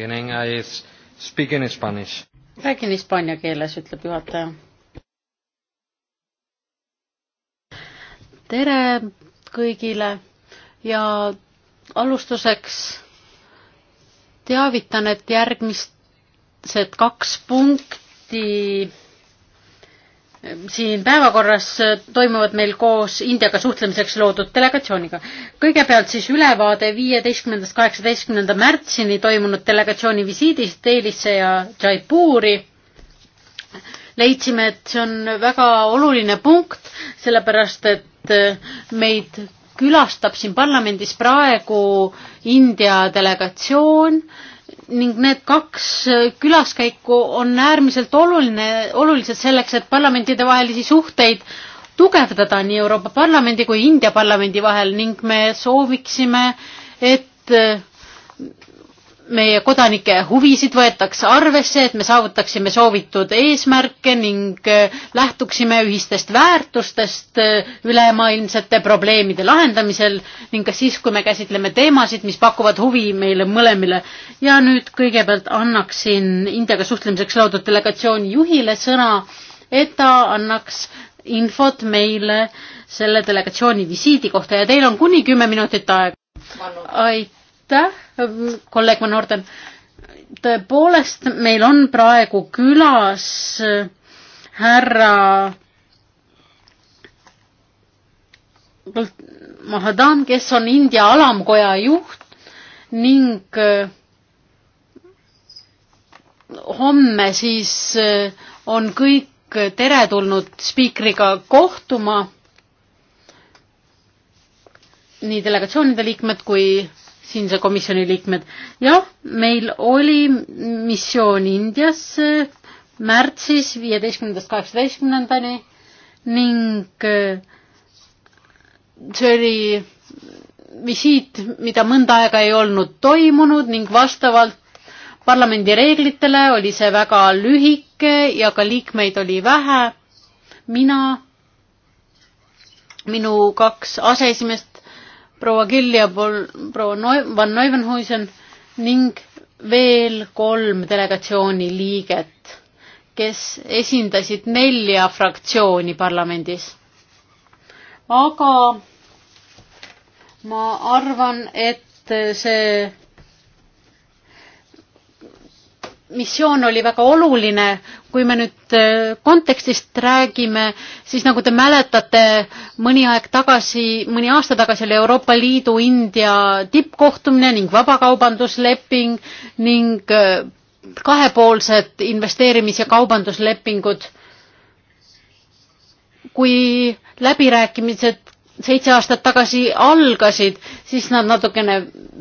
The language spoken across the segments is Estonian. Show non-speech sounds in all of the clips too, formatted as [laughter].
beginning I speak in Spanish. räägin hispaania keeles, ütleb juhataja. tere kõigile ja alustuseks teavitan, et järgmised kaks punkti siin päevakorras toimuvad meil koos Indiaga suhtlemiseks loodud delegatsiooniga. kõigepealt siis ülevaade viieteistkümnendast kaheksateistkümnenda märtsini toimunud delegatsiooni visiidist Delisse ja Jaipuri. leidsime, et see on väga oluline punkt, sellepärast et meid külastab siin parlamendis praegu India delegatsioon äh, ning need kaks külaskäiku on äärmiselt oluline, olulised selleks, et parlamentidevahelisi suhteid tugevdada nii Euroopa Parlamendi kui India parlamendi vahel ning me sooviksime, et meie kodanike huvisid võetakse arvesse, et me saavutaksime soovitud eesmärke ning äh, lähtuksime ühistest väärtustest äh, ülemaailmsete probleemide lahendamisel ning ka siis, kui me käsitleme teemasid, mis pakuvad huvi meile mõlemile. ja nüüd kõigepealt annaksin Indiaga suhtlemiseks loodud delegatsiooni juhile sõna, et ta annaks infot meile selle delegatsiooni visiidi kohta ja teil on kuni kümme minutit aega. aitäh aitäh, kolleeg Van Orden. tõepoolest, meil on praegu külas äh, härra Mahadan, kes on India alamkoja juht ning äh, homme siis äh, on kõik teretulnud spiikriga kohtuma, nii delegatsioonide liikmed kui siinse komisjoni liikmed. jah, meil oli missioon Indiasse eh, märtsis viieteistkümnendast kaheksateistkümnendani ning eh, see oli visiit, mida mõnda aega ei olnud toimunud ning vastavalt parlamendi reeglitele oli see väga lühike ja ka liikmeid oli vähe. mina, minu kaks aseesimeest proua Kill ja proua Van Neuvenhuisen ning veel kolm delegatsiooni liiget, kes esindasid nelja fraktsiooni parlamendis. aga ma arvan, et see missioon oli väga oluline, kui me nüüd äh, kontekstist räägime, siis nagu te mäletate, mõni aeg tagasi, mõni aasta tagasi oli Euroopa Liidu India tippkohtumine ning vabakaubandusleping ning äh, kahepoolsed investeerimis- ja kaubanduslepingud. kui läbirääkimised seitse aastat tagasi algasid, siis nad natukene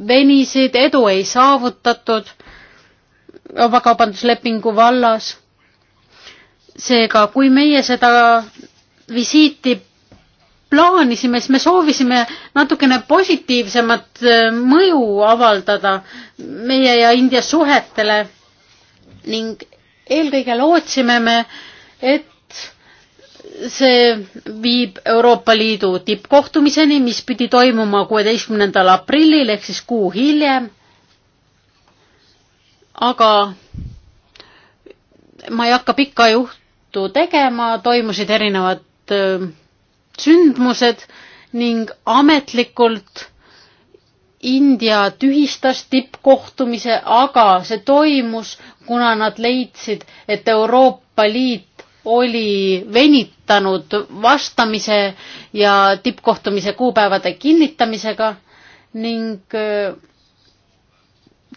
venisid, edu ei saavutatud vabakaubanduslepingu vallas seega, kui meie seda visiiti plaanisime, siis me soovisime natukene positiivsemat äh, mõju avaldada meie ja India suhetele ning eelkõige lootsime me, et see viib Euroopa Liidu tippkohtumiseni, mis pidi toimuma kuueteistkümnendal aprillil ehk siis kuu hiljem. aga ma ei hakka pikka juht-, tõttu tegema, toimusid erinevad sündmused ning ametlikult India tühistas tippkohtumise, aga see toimus, kuna nad leidsid, et Euroopa Liit oli venitanud vastamise ja tippkohtumise kuupäevade kinnitamisega ning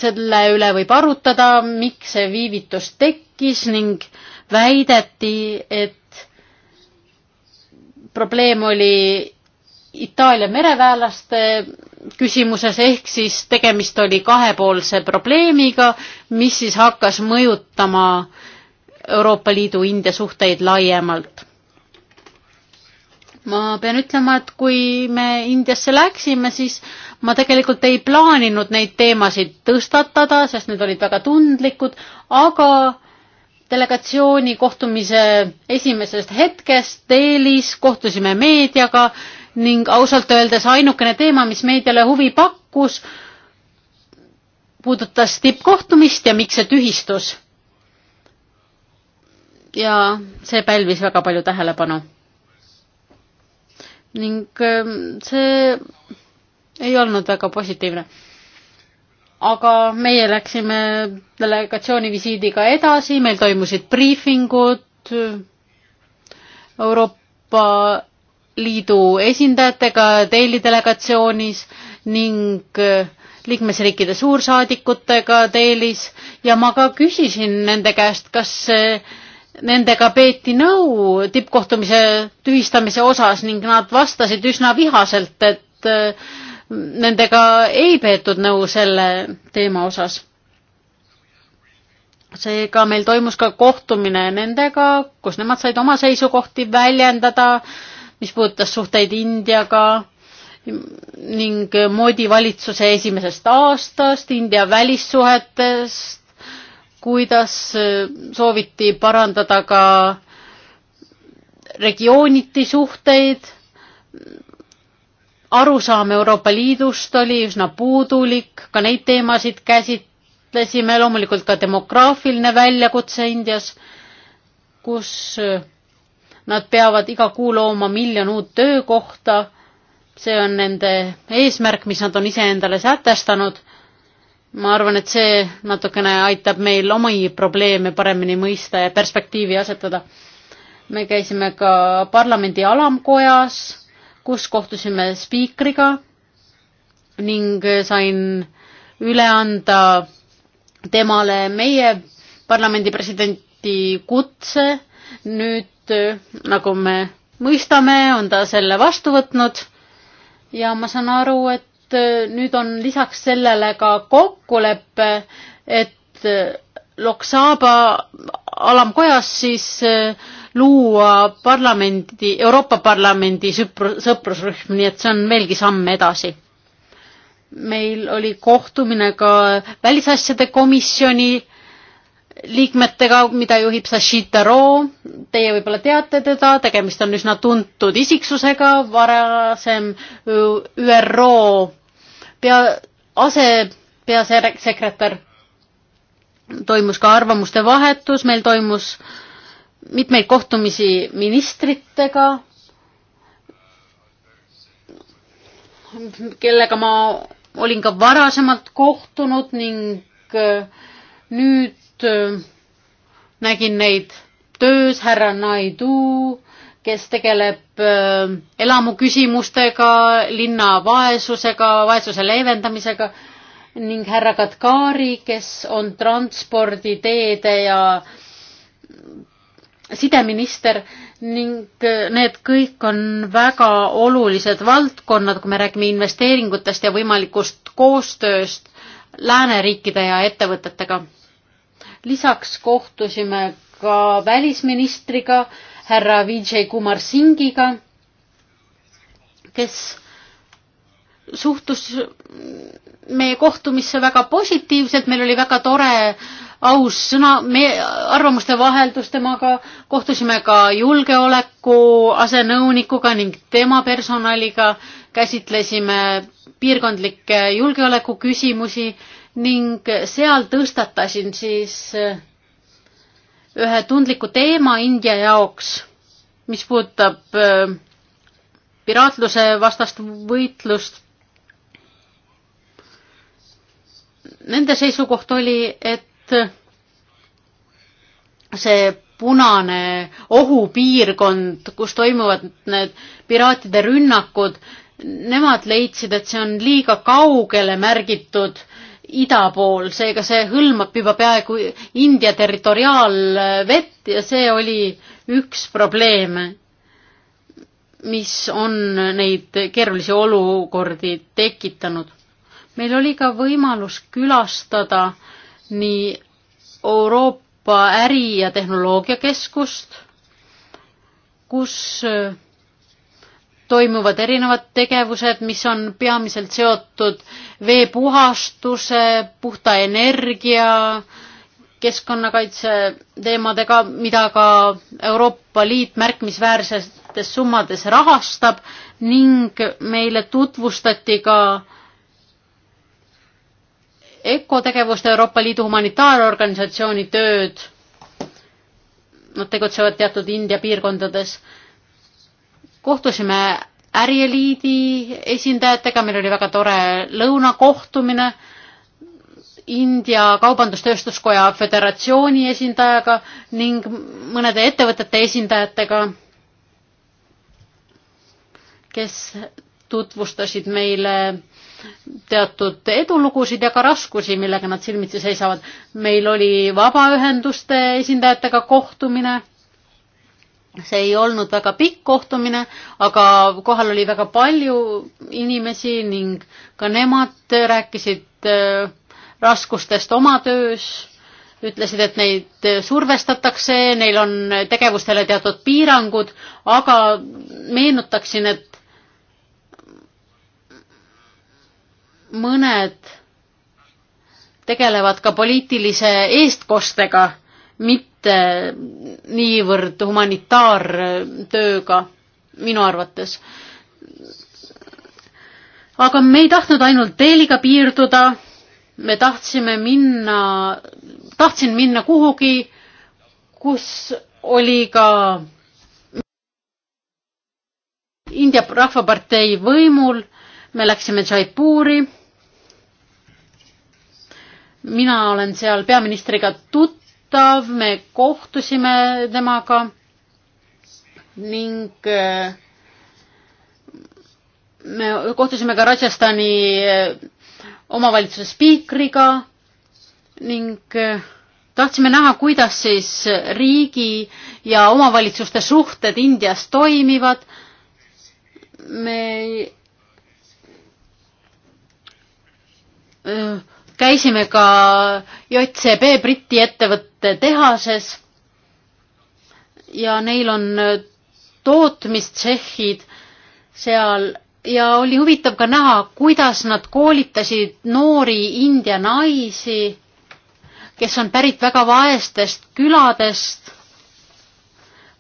selle üle võib arutada, miks see viivitus tekkis ning väideti, et probleem oli Itaalia mereväelaste küsimuses, ehk siis tegemist oli kahepoolse probleemiga, mis siis hakkas mõjutama Euroopa Liidu India suhteid laiemalt ma pean ütlema, et kui me Indiasse läksime, siis ma tegelikult ei plaaninud neid teemasid tõstatada, sest need olid väga tundlikud, aga delegatsiooni kohtumise esimesest hetkest Delhis kohtusime meediaga ning ausalt öeldes ainukene teema, mis meediale huvi pakkus, puudutas tippkohtumist ja miks see tühistus. ja see pälvis väga palju tähelepanu ning ähm, see ei olnud väga positiivne. aga meie läksime delegatsiooni visiidiga edasi, meil toimusid briifingud äh, Euroopa Liidu esindajatega Daily delegatsioonis ning äh, liikmesriikide suursaadikutega Daily's ja ma ka küsisin nende käest, kas see nendega peeti nõu tippkohtumise tühistamise osas ning nad vastasid üsna vihaselt, et äh, nendega ei peetud nõu selle teema osas. seega meil toimus ka kohtumine nendega, kus nemad said oma seisukohti väljendada, mis puudutas suhteid Indiaga ning moodi valitsuse esimesest aastast, India välissuhetest, kuidas äh, sooviti parandada ka regiooniti suhteid. arusaam Euroopa Liidust oli üsna puudulik, ka neid teemasid käsitlesime, loomulikult ka demograafiline väljakutse Indias, kus äh, nad peavad iga kuu looma miljon uut töökohta. see on nende eesmärk, mis nad on iseendale sätestanud ma arvan, et see natukene aitab meil omi probleeme paremini mõista ja perspektiivi asetada. me käisime ka parlamendi alamkojas, kus kohtusime spiikriga ning sain üle anda temale meie parlamendi presidenti kutse. nüüd, nagu me mõistame, on ta selle vastu võtnud ja ma saan aru, et et äh, nüüd on lisaks sellele ka kokkulepe, et äh, Loksaaba alamkojas siis äh, luua parlamendi, Euroopa Parlamendi sõpru-, sõprusrühm, nii et see on veelgi samm edasi. meil oli kohtumine ka välisasjade komisjoni liikmetega, mida juhib Sashi Taro, teie võib-olla teate teda, tegemist on üsna tuntud isiksusega, varasem ÜRO pea, asepeasekretär, toimus ka arvamuste vahetus, meil toimus mitmeid kohtumisi ministritega, kellega ma olin ka varasemalt kohtunud ning äh, nüüd äh, nägin neid töös, härra Naidu, kes tegeleb äh, elamuküsimustega, linna vaesusega, vaesuse leevendamisega ning härra Katkari, kes on transpordi, teede ja sideminister ning äh, need kõik on väga olulised valdkonnad, kui me räägime investeeringutest ja võimalikust koostööst lääneriikide ja ettevõtetega. lisaks kohtusime ka välisministriga äh, härra Vijay Kumar Singiga, kes suhtus meie kohtumisse väga positiivselt, meil oli väga tore aus sõna, me arvamuste vaheldus temaga, kohtusime ka julgeoleku asenõunikuga ning tema personaliga, käsitlesime piirkondlikke julgeolekuküsimusi ning seal tõstatasin siis äh, ühe tundliku teema India jaoks, mis puudutab äh, piraatluse vastast võitlust. Nende seisukoht oli, et see punane ohupiirkond, kus toimuvad need piraatide rünnakud, nemad leidsid, et see on liiga kaugele märgitud ida pool, seega see hõlmab juba peaaegu India territoriaalvett ja see oli üks probleeme, mis on neid keerulisi olukordi tekitanud. meil oli ka võimalus külastada nii Euroopa Äri- ja Tehnoloogiakeskust, kus toimuvad erinevad tegevused, mis on peamiselt seotud veepuhastuse, puhta energia, keskkonnakaitse teemadega, mida ka Euroopa Liit märkimisväärsetes summades rahastab ning meile tutvustati ka ökotegevust Euroopa Liidu humanitaarorganisatsiooni tööd. Nad tegutsevad teatud India piirkondades kohtusime ärieliidi esindajatega, meil oli väga tore lõunakohtumine India Kaubandus-Tööstuskoja Föderatsiooni esindajaga ning mõnede ettevõtete esindajatega, kes tutvustasid meile teatud edulugusid ja ka raskusi, millega nad silmitsi seisavad. meil oli vabaühenduste esindajatega kohtumine see ei olnud väga pikk kohtumine, aga kohal oli väga palju inimesi ning ka nemad rääkisid äh, raskustest oma töös, ütlesid, et neid äh, survestatakse, neil on tegevustele teatud piirangud, aga meenutaksin, et mõned tegelevad ka poliitilise eestkostega mitte niivõrd humanitaartööga minu arvates. aga me ei tahtnud ainult teeliga piirduda, me tahtsime minna, tahtsin minna kuhugi, kus oli ka India Rahvapartei võimul, me läksime Jaipuri. mina olen seal peaministriga tutvunud tuttav, me kohtusime temaga ning äh, me kohtusime ka Rajasthani äh, omavalitsuse spiikriga ning äh, tahtsime näha, kuidas siis riigi ja omavalitsuste suhted Indias toimivad. me käisime ka JCB Briti ettevõtte tehases ja neil on tootmistšehhid seal ja oli huvitav ka näha, kuidas nad koolitasid noori India naisi, kes on pärit väga vaestest küladest,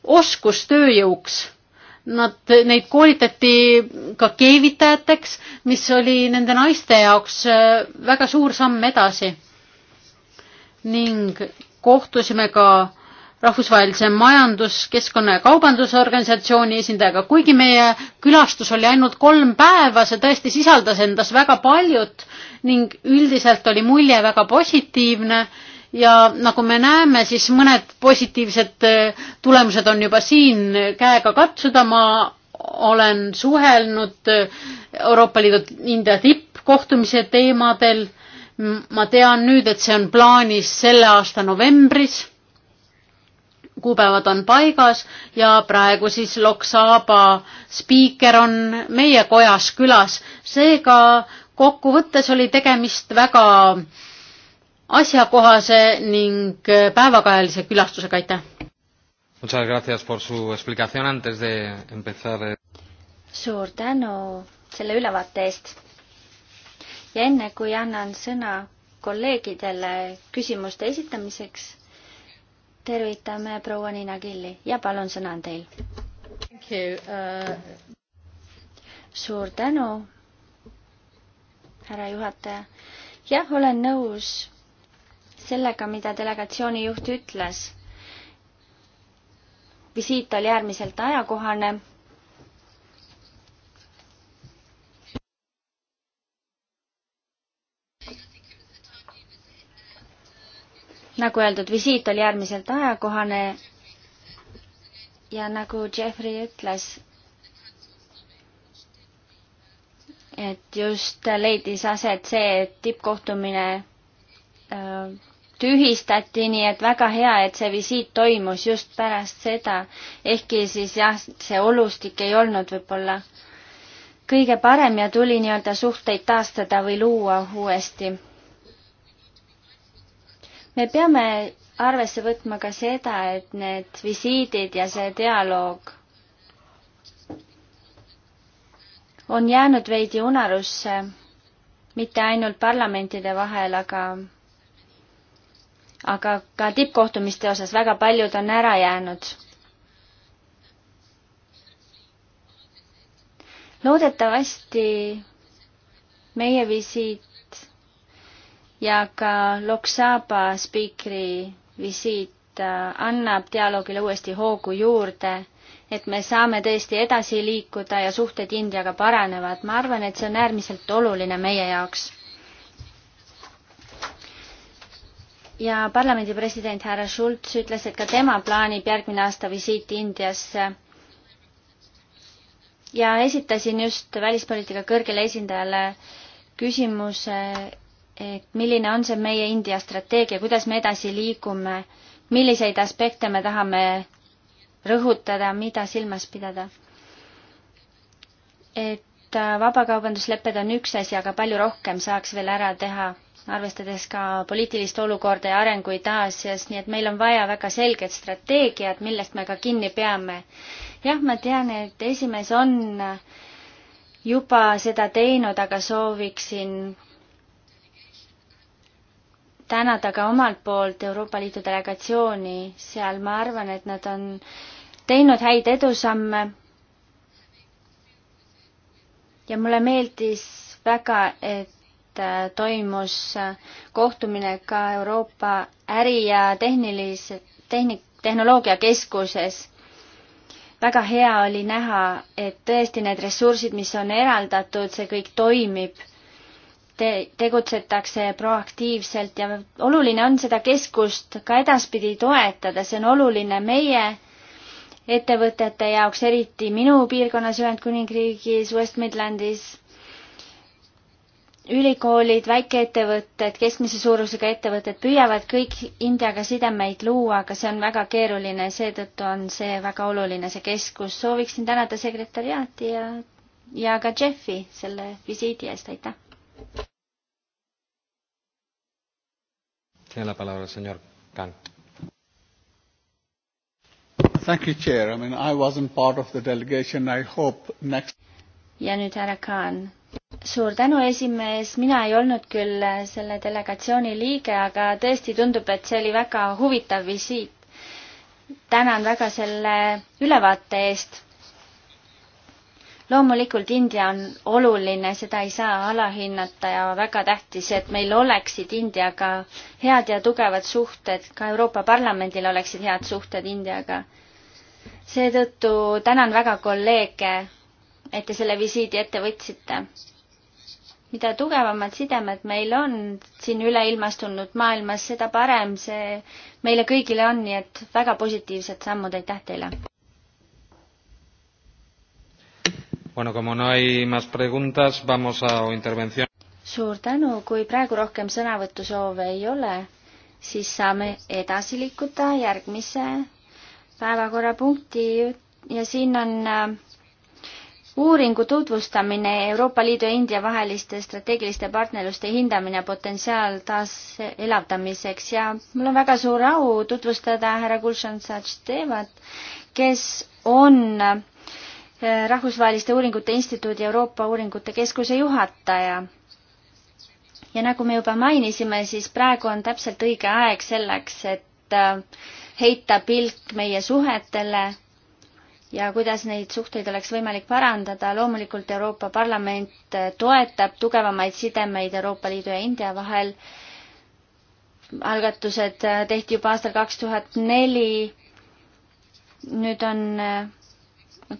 oskustööjõuks. Nad, neid koolitati ka keevitajateks, mis oli nende naiste jaoks äh, väga suur samm edasi. ning kohtusime ka rahvusvahelise majanduskeskkonna ja kaubandusorganisatsiooni esindajaga, kuigi meie külastus oli ainult kolm päeva, see tõesti sisaldas endas väga paljut ning üldiselt oli mulje väga positiivne ja nagu me näeme, siis mõned positiivsed äh, tulemused on juba siin käega katsuda, ma olen suhelnud äh, Euroopa Liidu India tippkohtumise teemadel. ma tean nüüd, et see on plaanis selle aasta novembris. kuupäevad on paigas ja praegu siis Loksaaba spiiker on meie kojas külas, seega kokkuvõttes oli tegemist väga äh, asjakohase ning päevakajalise külastusega, aitäh! Muchas gracias por su explicación antes de empezar. suur tänu selle ülevaate eest. ja enne kui annan sõna kolleegidele küsimuste esitamiseks, tervitame proua Niina Killi ja palun, sõna on teil. Uh... suur tänu, härra juhataja. jah, olen nõus sellega, mida delegatsiooni juht ütles. visiit oli äärmiselt ajakohane nagu öeldud, visiit oli äärmiselt ajakohane ja nagu Jeffrey ütles, et just leidis aset see, et tippkohtumine äh, tühistati, nii et väga hea, et see visiit toimus just pärast seda. ehkki siis jah, see olustik ei olnud võib-olla kõige parem ja tuli nii-öelda suhteid taastada või luua uuesti. me peame arvesse võtma ka seda, et need visiidid ja see dialoog on jäänud veidi unarusse, mitte ainult parlamentide vahel, aga aga ka tippkohtumiste osas väga paljud on ära jäänud. loodetavasti meie visiit ja ka Loksaba spiikri visiit äh, annab dialoogile uuesti hoogu juurde, et me saame tõesti edasi liikuda ja suhted Indiaga paranevad. ma arvan, et see on äärmiselt oluline meie jaoks ja parlamendi president härra Schulz ütles, et ka tema plaanib järgmine aasta visiiti Indiasse. ja esitasin just välispoliitika kõrgele esindajale küsimuse, et milline on see meie India strateegia, kuidas me edasi liigume, milliseid aspekte me tahame rõhutada, mida silmas pidada. et äh, vabakaubanduslepped on üks asi, aga palju rohkem saaks veel ära teha arvestades ka poliitilist olukorda ja arenguid Aasias, nii et meil on vaja väga selget strateegiat, millest me ka kinni peame. jah, ma tean, et esimees on juba seda teinud, aga sooviksin tänada ka omalt poolt Euroopa Liidu delegatsiooni, seal ma arvan, et nad on teinud häid edusamme. ja mulle meeldis väga, et Äh, toimus äh, kohtumine ka Euroopa Äri- ja Tehnilise, Tehnik-, Tehnoloogiakeskuses. väga hea oli näha, et tõesti need ressursid, mis on eraldatud, see kõik toimib te-, tegutsetakse proaktiivselt ja oluline on seda keskust ka edaspidi toetada, see on oluline meie ettevõtete jaoks, eriti minu piirkonnas Ühendkuningriigis, West Midlandis ülikoolid, väikeettevõtted, keskmise suurusega ettevõtted püüavad kõik Indiaga sidemeid luua, aga see on väga keeruline, seetõttu on see väga oluline, see keskus. sooviksin tänada sekretäriaati ja, ja ka Jeffi selle visiidi eest, aitäh! Tiene la palabra el señor Kang. Thank you, Chair. I mean, I wasn't part of the delegation. I hope next. ja nüüd härra Khan suur tänu, esimees, mina ei olnud küll äh, selle delegatsiooni liige, aga tõesti tundub, et see oli väga huvitav visiit. tänan väga selle ülevaate eest. loomulikult India on oluline, seda ei saa alahinnata ja väga tähtis, et meil oleksid Indiaga head ja tugevad suhted, ka Euroopa Parlamendil oleksid head suhted Indiaga. seetõttu tänan väga kolleege, et te selle visiidi ette võtsite mida tugevamad sidemed meil on siin üleilmastunud maailmas, seda parem see meile kõigile on, nii et väga positiivsed sammud, aitäh teile! Bueno, como no hay más preguntas, vamos a intervención. suur tänu, kui praegu rohkem sõnavõtusoove ei ole, siis saame edasi liikuda järgmise päevakorrapunkti ja siin on äh, uuringu tutvustamine Euroopa Liidu ja India vaheliste strateegiliste partnerluste hindamine potentsiaal taaselavdamiseks ja mul on väga suur au tutvustada härra Gulshan Sachdevat, kes on eh, Rahvusvaheliste Uuringute Instituudi Euroopa Uuringute Keskuse juhataja. ja nagu me juba mainisime, siis praegu on täpselt õige aeg selleks, et eh, heita pilk meie suhetele ja kuidas neid suhteid oleks võimalik parandada. loomulikult Euroopa Parlament eh, toetab tugevamaid sidemeid Euroopa Liidu ja India vahel. algatused eh, tehti juba aastal kaks tuhat neli. nüüd on eh,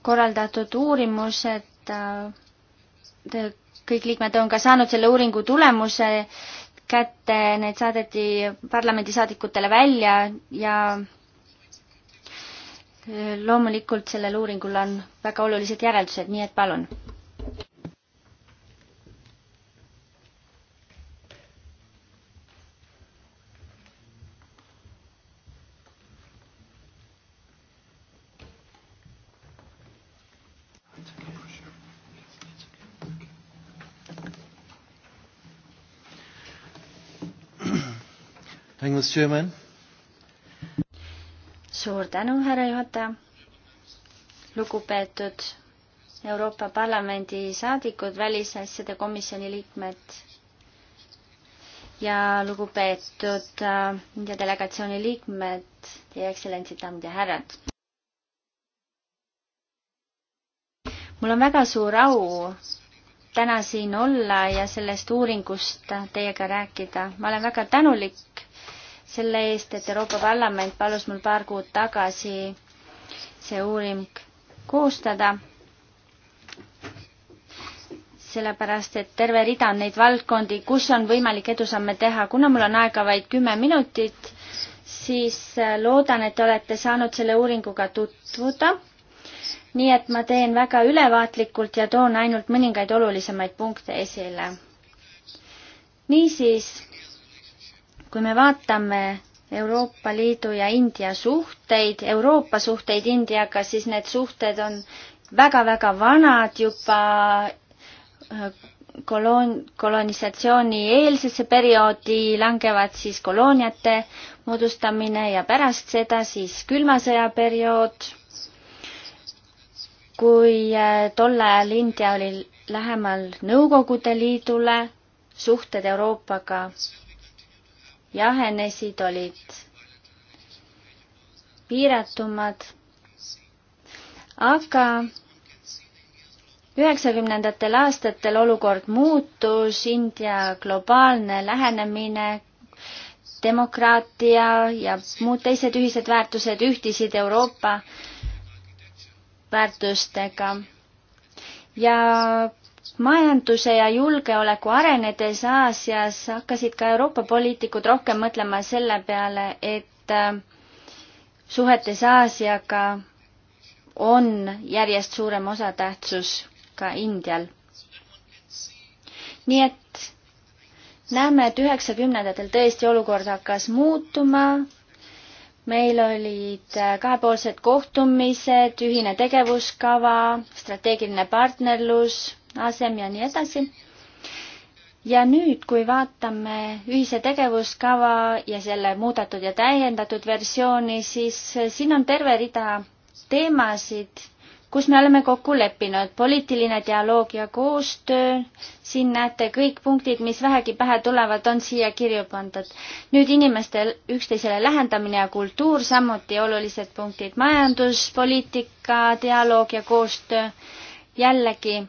korraldatud uurimused. kõik liikmed on ka saanud selle uuringu tulemuse kätte, need saadeti parlamendisaadikutele välja ja loomulikult sellel uuringul on väga olulised järeldused, nii et palun. Thank you, Mr. Chairman suur tänu, härra juhataja. lugupeetud Euroopa Parlamendi saadikud, välisasjade komisjoni liikmed ja lugupeetud äh, India delegatsiooni liikmed, teie ekstsellentsid, daamid ja härrad. mul on väga suur au täna siin olla ja sellest uuringust teiega rääkida. ma olen väga tänulik selle eest, et Euroopa Parlament palus mul paar kuud tagasi see uuring koostada. sellepärast, et terve rida on neid valdkondi, kus on võimalik edusamme teha, kuna mul on aega vaid kümme minutit, siis loodan, et olete saanud selle uuringuga tutvuda. nii et ma teen väga ülevaatlikult ja toon ainult mõningaid olulisemaid punkte esile. niisiis kui me vaatame Euroopa Liidu ja India suhteid, Euroopa suhteid Indiaga, siis need suhted on väga-väga vanad juba äh, koloon-, kolonisatsiooni eelsesse perioodi langevad siis kolooniate moodustamine ja pärast seda siis külma sõja periood, kui äh, tol ajal India oli lähemal Nõukogude Liidule, suhted Euroopaga jahenesid, olid piiratumad, aga üheksakümnendatel aastatel olukord muutus, India globaalne lähenemine, demokraatia ja muud teised ühised väärtused ühtisid Euroopa väärtustega ja majanduse ja julgeoleku arenedes Aasias hakkasid ka Euroopa poliitikud rohkem mõtlema selle peale, et äh, suhetes Aasiaga on järjest suurem osatähtsus ka Indial. nii et näeme, et üheksakümnendatel tõesti olukord hakkas muutuma. meil olid äh, kahepoolsed kohtumised, ühine tegevuskava, strateegiline partnerlus asem ja nii edasi. ja nüüd, kui vaatame ühise tegevuskava ja selle muudetud ja täiendatud versiooni, siis eh, siin on terve rida teemasid, kus me oleme kokku leppinud, poliitiline dialoog ja koostöö, siin näete kõik punktid, mis vähegi pähe tulevad, on siia kirju pandud. nüüd inimeste üksteisele lähendamine ja kultuur, samuti olulised punktid, majanduspoliitika, dialoog ja koostöö, jällegi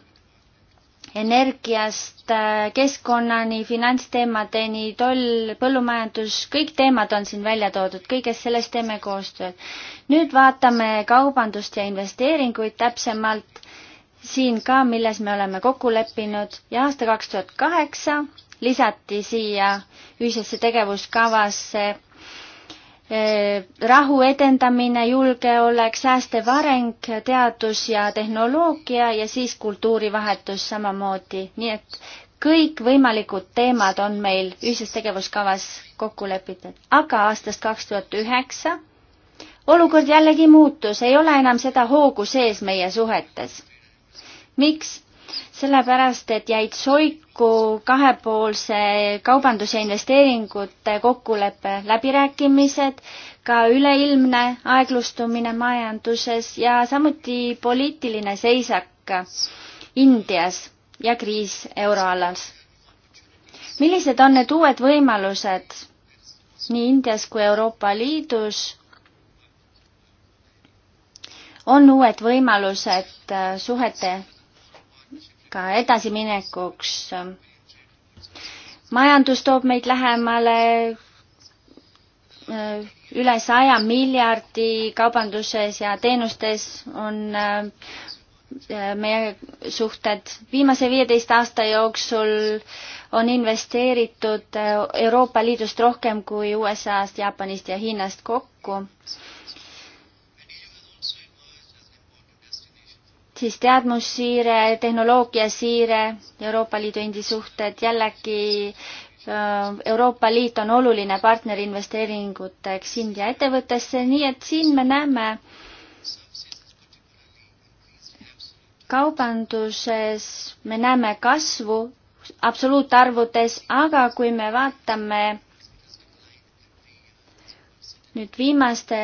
energiast äh, keskkonnani, finantsteemadeni, toll, põllumajandus, kõik teemad on siin välja toodud, kõiges selles teeme koostööd. nüüd vaatame kaubandust ja investeeringuid täpsemalt, siin ka, milles me oleme kokku leppinud ja aasta kaks tuhat kaheksa lisati siia ühisesse tegevuskavasse Eh, rahu edendamine, julgeolek, säästev areng, teadus ja tehnoloogia ja siis kultuurivahetus samamoodi, nii et kõikvõimalikud teemad on meil ühises tegevuskavas kokku lepitud, aga aastast kaks tuhat üheksa olukord jällegi muutus, ei ole enam seda hoogu sees meie suhetes. miks? sellepärast et jäid soiku kahepoolse kaubandus- ja investeeringute kokkuleppe läbirääkimised, ka üleilmne aeglustumine majanduses ja samuti poliitiline seisak Indias ja kriis euroalas. millised on need uued võimalused nii Indias kui Euroopa Liidus on uued võimalused suhete ka edasiminekuks. majandus toob meid lähemale äh, üle saja miljardi kaubanduses ja teenustes on äh, meie suhted. viimase viieteist aasta jooksul on investeeritud äh, Euroopa Liidust rohkem kui USA-st, Jaapanist ja Hiinast kokku. siis teadmussiire, tehnoloogiasiire, Euroopa Liidu endi suhted, jällegi äh, Euroopa Liit on oluline partner investeeringuteks India ettevõttesse, nii et siin me näeme kaubanduses, me näeme kasvu absoluutarvudes, aga kui me vaatame nüüd viimaste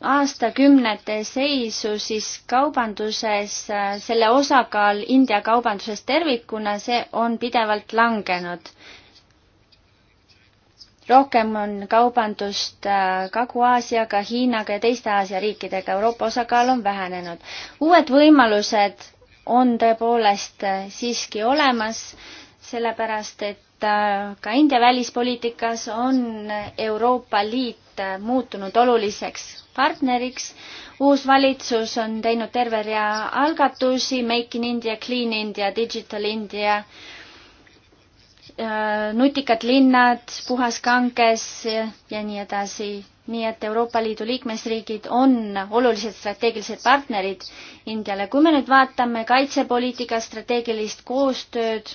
aastakümnete seisu, siis kaubanduses selle osakaal India kaubanduses tervikuna, see on pidevalt langenud. rohkem on kaubandust äh, Kagu-Aasiaga, Hiinaga ja teiste Aasia riikidega, Euroopa osakaal on vähenenud. uued võimalused on tõepoolest äh, siiski olemas, sellepärast et Äh, ka India välispoliitikas on Euroopa Liit äh, muutunud oluliseks partneriks. uus valitsus on teinud terve rea algatusi, Make in India, Clean India, Digital India, äh, nutikad linnad, puhas kanges ja nii edasi. nii et Euroopa Liidu liikmesriigid on olulised strateegilised partnerid Indiale. kui me nüüd vaatame kaitsepoliitika strateegilist koostööd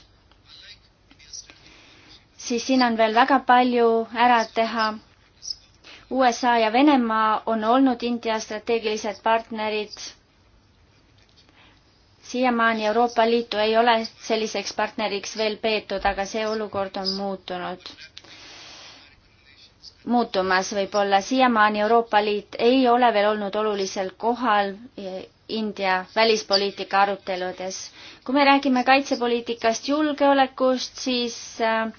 siis siin on veel väga palju ära teha. USA ja Venemaa on olnud India strateegilised partnerid. siiamaani Euroopa Liitu ei ole selliseks partneriks veel peetud, aga see olukord on muutunud, muutumas võib-olla. siiamaani Euroopa Liit ei ole veel olnud olulisel kohal India välispoliitika aruteludes. kui me räägime kaitsepoliitikast, julgeolekust, siis äh,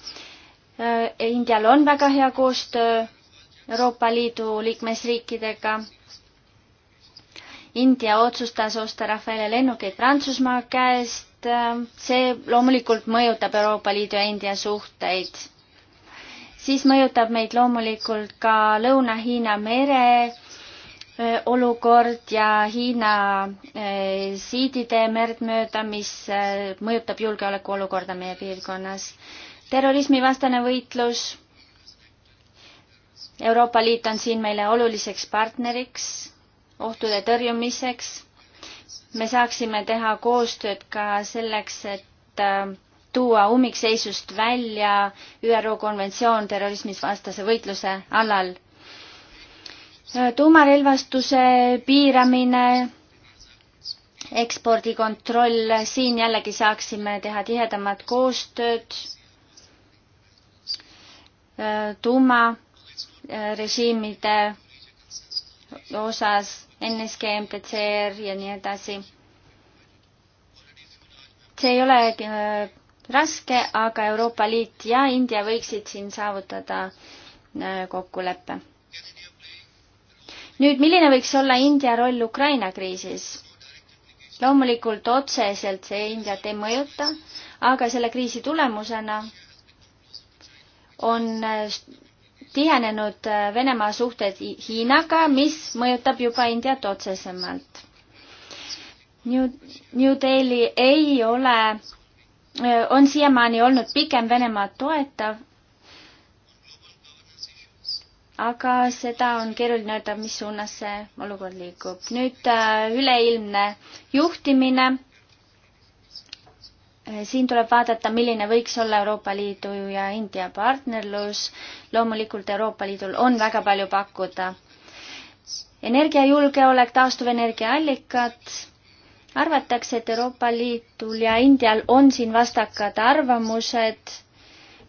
Äh, Indial on väga hea koostöö Euroopa Liidu liikmesriikidega. India otsustas osta Rafaeli lennukeid Prantsusmaa käest. Äh, see loomulikult mõjutab Euroopa Liidu ja India suhteid. siis mõjutab meid loomulikult ka Lõuna-Hiina mere äh, olukord ja Hiina siidide merd mööda, mis mõjutab julgeolekuolukorda meie piirkonnas terrorismivastane võitlus. Euroopa Liit on siin meile oluliseks partneriks ohtude tõrjumiseks. me saaksime teha koostööd ka selleks, et äh, tuua ummikseisust välja ÜRO konventsioon terrorismivastase võitluse alal. Äh, tuumarelvastuse piiramine, ekspordikontroll, siin jällegi saaksime teha tihedamat koostööd tuumarežiimide äh, osas, NSG, MTCR ja nii edasi. see ei ole äh, raske, aga Euroopa Liit ja India võiksid siin saavutada äh, kokkuleppe. nüüd, milline võiks olla India roll Ukraina kriisis? loomulikult otseselt see Indiat ei mõjuta, aga selle kriisi tulemusena on äh, tihenenud äh, Venemaa suhted Hiinaga, mis mõjutab juba Indiat otsesemalt. New, New Delhi ei ole, äh, on siiamaani olnud pigem Venemaad toetav, aga seda on keeruline öelda, mis suunas see olukord liigub. nüüd üleilmne juhtimine Äh, siin tuleb vaadata, milline võiks olla Euroopa Liidu ja India partnerlus. loomulikult Euroopa Liidul on väga palju pakkuda. energiajulgeolek, taastuvenergiaallikad. arvatakse, et Euroopa Liidul ja Indial on siin vastakad arvamused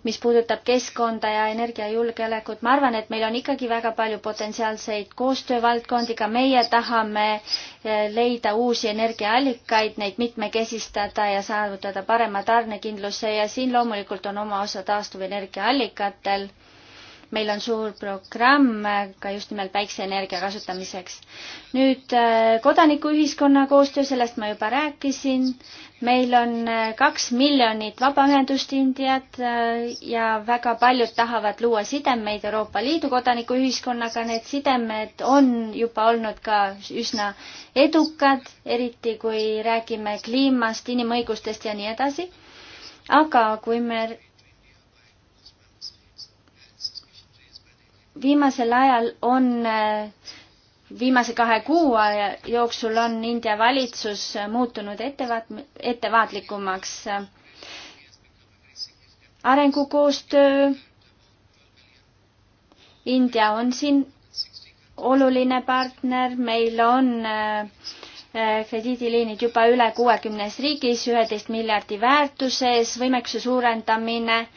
mis puudutab keskkonda ja energiajulgeolekut, ma arvan, et meil on ikkagi väga palju potentsiaalseid koostöövaldkondi, ka meie tahame eh, leida uusi energiaallikaid, neid mitmekesistada ja saavutada parema tarnekindluse ja siin loomulikult on oma osa taastuvenergiaallikatel meil on suur programm ka just nimelt päikseenergia kasutamiseks. nüüd äh, kodanikuühiskonna koostöö, sellest ma juba rääkisin. meil on äh, kaks miljonit vabaühendust Indiat äh, ja väga paljud tahavad luua sidemeid Euroopa Liidu kodanikuühiskonnaga. Need sidemed on juba olnud ka üsna edukad, eriti kui räägime kliimast, inimõigustest ja nii edasi aga kui me viimasel ajal on, äh, viimase kahe kuu jooksul on India valitsus äh, muutunud ettevaat-, ettevaatlikumaks. arengukoostöö India on siin oluline partner, meil on äh, krediidiliinid juba üle kuuekümnes riigis, üheteist miljardi väärtuses, võimekuse suurendamine äh,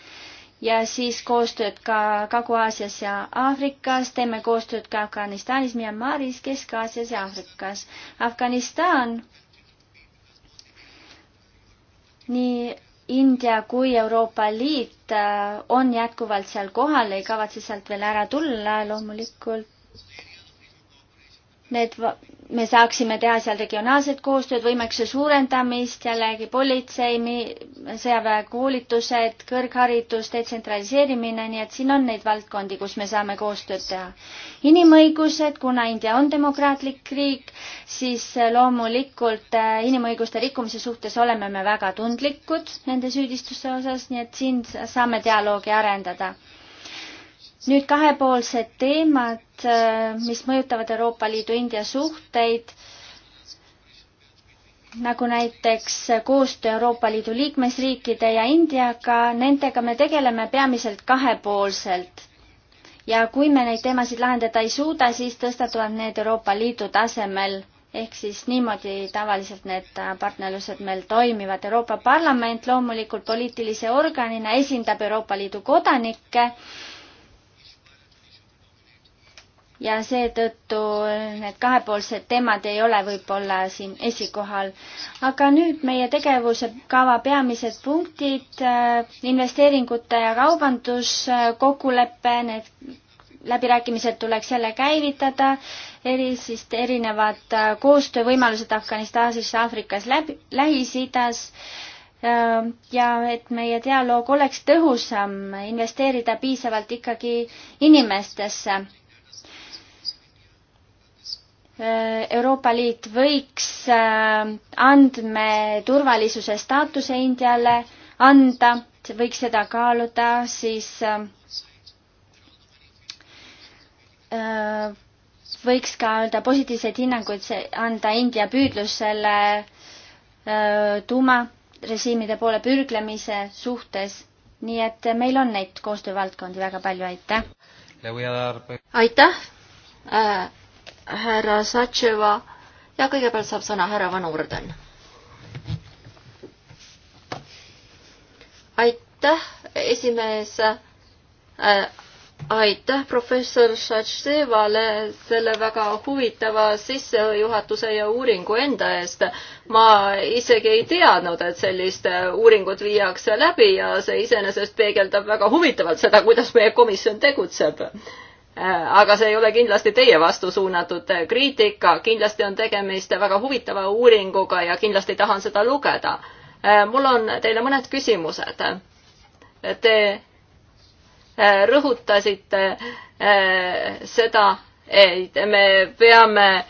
ja siis koostööd ka Kagu-Aasias ja Aafrikas, teeme koostööd ka Afganistanis, Myanmaris, Kesk-Aasias ja Aafrikas. Afganistan nii India kui Euroopa Liit äh, on jätkuvalt seal kohal, ei kavatse sealt veel ära tulla loomulikult need, me saaksime teha seal regionaalset koostööd, võimekuse suurendamist, jällegi politsei, sõjaväe koolitused, kõrgharidus, detsentraliseerimine, nii et siin on neid valdkondi, kus me saame koostööd teha. inimõigused, kuna India on demokraatlik riik, siis loomulikult äh, inimõiguste rikkumise suhtes oleme me väga tundlikud nende süüdistuste osas, nii et siin saame dialoogi arendada nüüd kahepoolsed teemad, äh, mis mõjutavad Euroopa Liidu-India suhteid, nagu näiteks koostöö Euroopa Liidu liikmesriikide ja Indiaga, nendega me tegeleme peamiselt kahepoolselt. ja kui me neid teemasid lahendada ei suuda, siis tõstatuvad need Euroopa Liidu tasemel ehk siis niimoodi tavaliselt need partnerlused meil toimivad. Euroopa Parlament loomulikult poliitilise organina esindab Euroopa Liidu kodanikke ja seetõttu need kahepoolsed teemad ei ole võib-olla siin esikohal. aga nüüd meie tegevuse kava peamised punktid, äh, investeeringute ja kaubanduskokkulepe, need läbirääkimised tuleks jälle käivitada, eri, siis erinevad äh, koostöövõimalused Afganistanis, Aafrikas, läbi, Lähis-Idas äh, ja et meie dialoog oleks tõhusam, investeerida piisavalt ikkagi inimestesse Euroopa Liit võiks äh, andmeturvalisuse staatuse Indiale anda, võiks seda kaaluda, siis äh, äh, võiks ka öelda positiivseid hinnanguid anda India püüdlusele tuumarežiimide poole pürglemise suhtes. nii et meil on neid koostöövaldkondi väga palju, aitäh! aitäh! härra Satševa ja kõigepealt saab sõna härra Van Orden. aitäh, esimees äh, aitäh professor Šatsevale selle väga huvitava sissejuhatuse ja uuringu enda eest. ma isegi ei teadnud, et sellist uuringut viiakse läbi ja see iseenesest peegeldab väga huvitavalt seda, kuidas meie komisjon tegutseb Äh, aga see ei ole kindlasti teie vastu suunatud äh, kriitika, kindlasti on tegemist väga huvitava uuringuga ja kindlasti tahan seda lugeda. Äh, mul on teile mõned küsimused. Te rõhutasite seda, me peame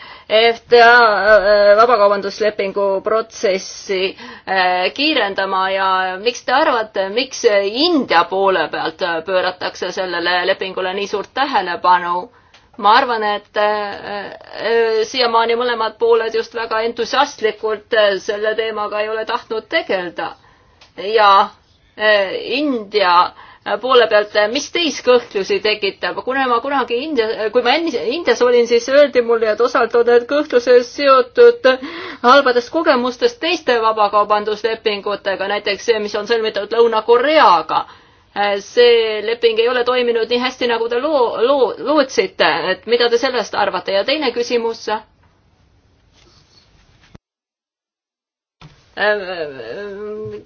FTA äh, vabakaubanduslepingu protsessi äh, kiirendama ja miks te arvate, miks India poole pealt pööratakse sellele lepingule nii suurt tähelepanu? ma arvan, et äh, siiamaani mõlemad pooled just väga entusiastlikult selle teemaga ei ole tahtnud tegeleda ja India äh, Äh, poole pealt, äh, mis teis kõhklusi tekitab, kuna ma kunagi India, äh, kui ma enne Indias olin, siis öeldi mulle, et osalt on need kõhtlused seotud halbadest kogemustest teiste vabakaubanduslepingutega, näiteks see, mis on sõlmitud Lõuna-Koreaga. see leping ei ole toiminud nii hästi, nagu te loo, loo, lootsite, et mida te sellest arvate ja teine küsimus